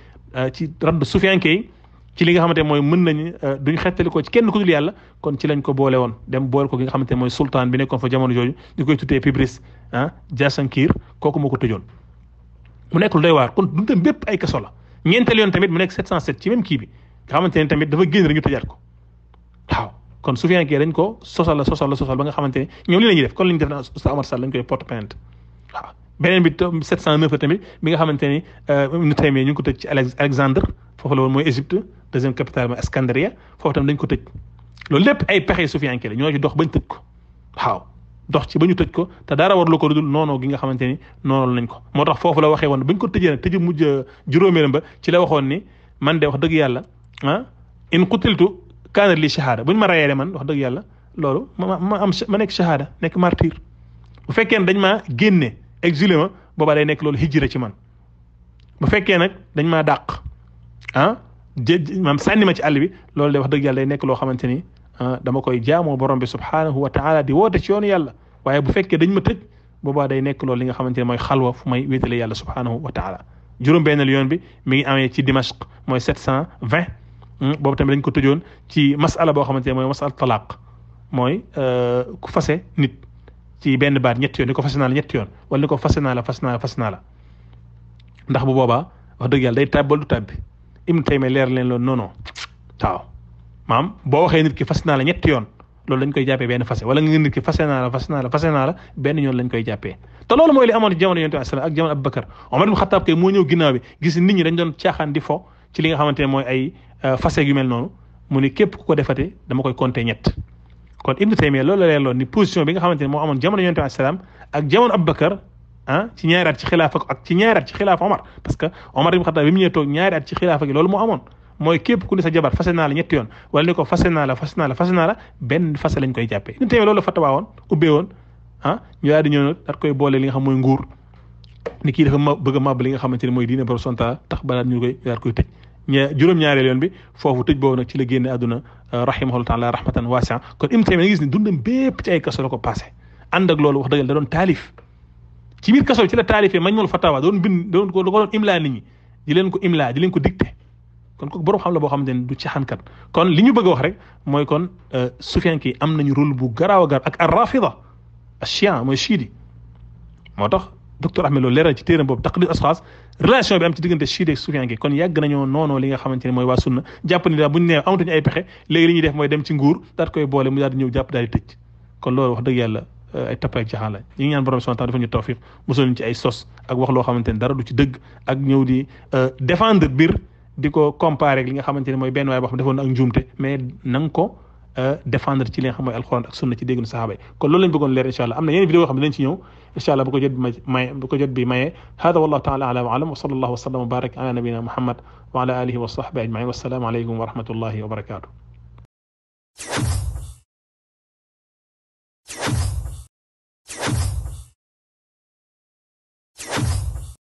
ci radd sufiyanke yi ci li nga xamante mooy mën nañ euh, duñ xettali ko ci kenn ku dul yàlla kon ci lañ ko boole woon dem boole ko ki nga xamante mooy sultaan bi nekkoon fa jamono jooju koy tuddee Pibris ah Jasankiir kooku ko tëjoon mu nekk lu doy waar kon dundam bépp ay kaso la mu nekk 707 ci kii bi nga ne tamit dafa génn rek ñu tëjaat ko waaw kon Soufiane Gueye dañ ko sosal la sosal la sosal def na Oustaz Oumar Sall koy porte plainte beneen bi tam 709 tamit bi nga xamante ni euh, Ibn Taymiya ñu ngi ko tëj ci Alexandre foofu la woon mooy Égypte deuxième capitale mooy Ascandaria foofu tam dañ ko tëj loolu lépp ay pexe sufiyanke la ñoo ci dox bañ tëj ko waaw dox ci ba ñu tëj ko te dara war lu ko dul noonoo gi nga xamante ni noonu nañ ko moo tax foofu la waxee woon bañ ko tëjee nag tëju mujj euh, juróomeelam ba ci la waxoon ni man de wax dëgg yàlla ah in qutiltu kaana li shahada buñ ma rayee man wax dëgg yàlla loolu ma ma am ma nekk shahada nekk martyr bu fekkee dañ ma génne exilé ma ba day nek lolou hijira ci man bu fekke nak dañ ma dàq ah jë maam sànni ma ci àll bi loolu de wax deug yàlla day nekk loo xamante dama koy jaamoo borom bi subhanahu wa taala di wote ci yoonu yàlla waye bu fekke dañ ma tëj ba day nek lolou li nga xamanteni moy khalwa fu may wéetale yàlla subhanahu wa taala jurum benel yoon bi mi ngi amé ci Dimashq moy 720 bobu vingt tamit dañ ko tëjoon ci masala bo xamanteni moy masal talaq moy euh ku fase nit ci benn baat ñetti yoon ni ko fase naa la ñetti yoon wala ni ko fase naa la fas naa la fas naa bu boobaa wax dëgg yàlla day tàbbal du tàbbi im tayme leer leen loolu non non waaw maam boo waxee nit ki naa la ñetti yoon loolu lañ koy jàppee benn fase wala nga ki fase naa la fas naa la fase naa la benn yoon lañ koy jàppee te loolu mooy li amoon nit ñi dañ doon caaxaan di fo ci li nga xamante ne mooy ay euh, fase yu mel noonu mu ni képp ku ko defate dama koy compter ñett kon Ibnu Taymiya loolu la leerloon ni position bi nga xamante ne moo amoon jamono yonent bi salaam ak jamono Abubakar ah ci ñaari at ci xilaafa ak ci ñaari ci xilaafa Omar parce que Omar ibn Khattab bi toog ñaari ci xilaafa gi loolu moo amoon mooy képp ku ni sa jabar fase naa la ñetti yoon wala ni ko fase naa la fase naa la benn fase lañ koy jàppee Ibnu Taymiya loolu la fatawaa woon woon ah ñu daal di ñëw nag daal koy boole li nga xam mooy nguur nga xamante ne mooy diine borom sonta tax juróom-ñaareel yoon bi foofu tëj boobu nag ci la génne àdduna rahimahullah taala rahmatan waasi'a kon Ibnu Taymiya nga gis ni dundam bépp ci ay kaso la ko passé ànd ak loolu wax dëgg da doon taalif ci biir kaso ci la taalifee Majmuul Fatawa doon bind doon ko doon imlaa nit ñi di leen ko imlaa di leen ko dicté kon ko borom xam la boo xamante ne du caxankat kon li ñu bëgg a wax rek mooy kon sufiyanke yi am nañu rôle bu garaaw a garaaw ak ar-rafida ash-shi'a mooy chiidi moo tax docteur Ahmed Lo leeral ci téeram boobu taqlid asxaas relation bi am ci diggante chiite ak sufiyanke kon yàgg nañoo noonoo li nga xamante ne mooy waa sunna jàpp ni daal bu ñu nee amatuñu ay pexe léegi li ñuy def mooy dem ci nguur daal koy boole mu daal di ñëw jàpp daal di tëj kon euh, loo xamante ne dara du dëgg ak ñëw di euh, défendre bir di ko comparer ak li nga xamante ne mooy benn waay boo xam defoon ak njuumte mais na nga ko défendre ci li nga xam mooy alxuraan ak sunna ci déggnu saxaaba yi kon loolu lañ bëggoon leer incha allah am na yeneen vidéo yoo xam ne dañ ci ñëw incha allah bu ko jot bi maye bu ko jot bi maye hada wallahu taala ala wa alam wa sallallahu wa sallam wa barak ala nabina muhammad wa ala alihi wa sahbi ajmain wassalaamu aleykum wa rahmatullahi wa barakatuh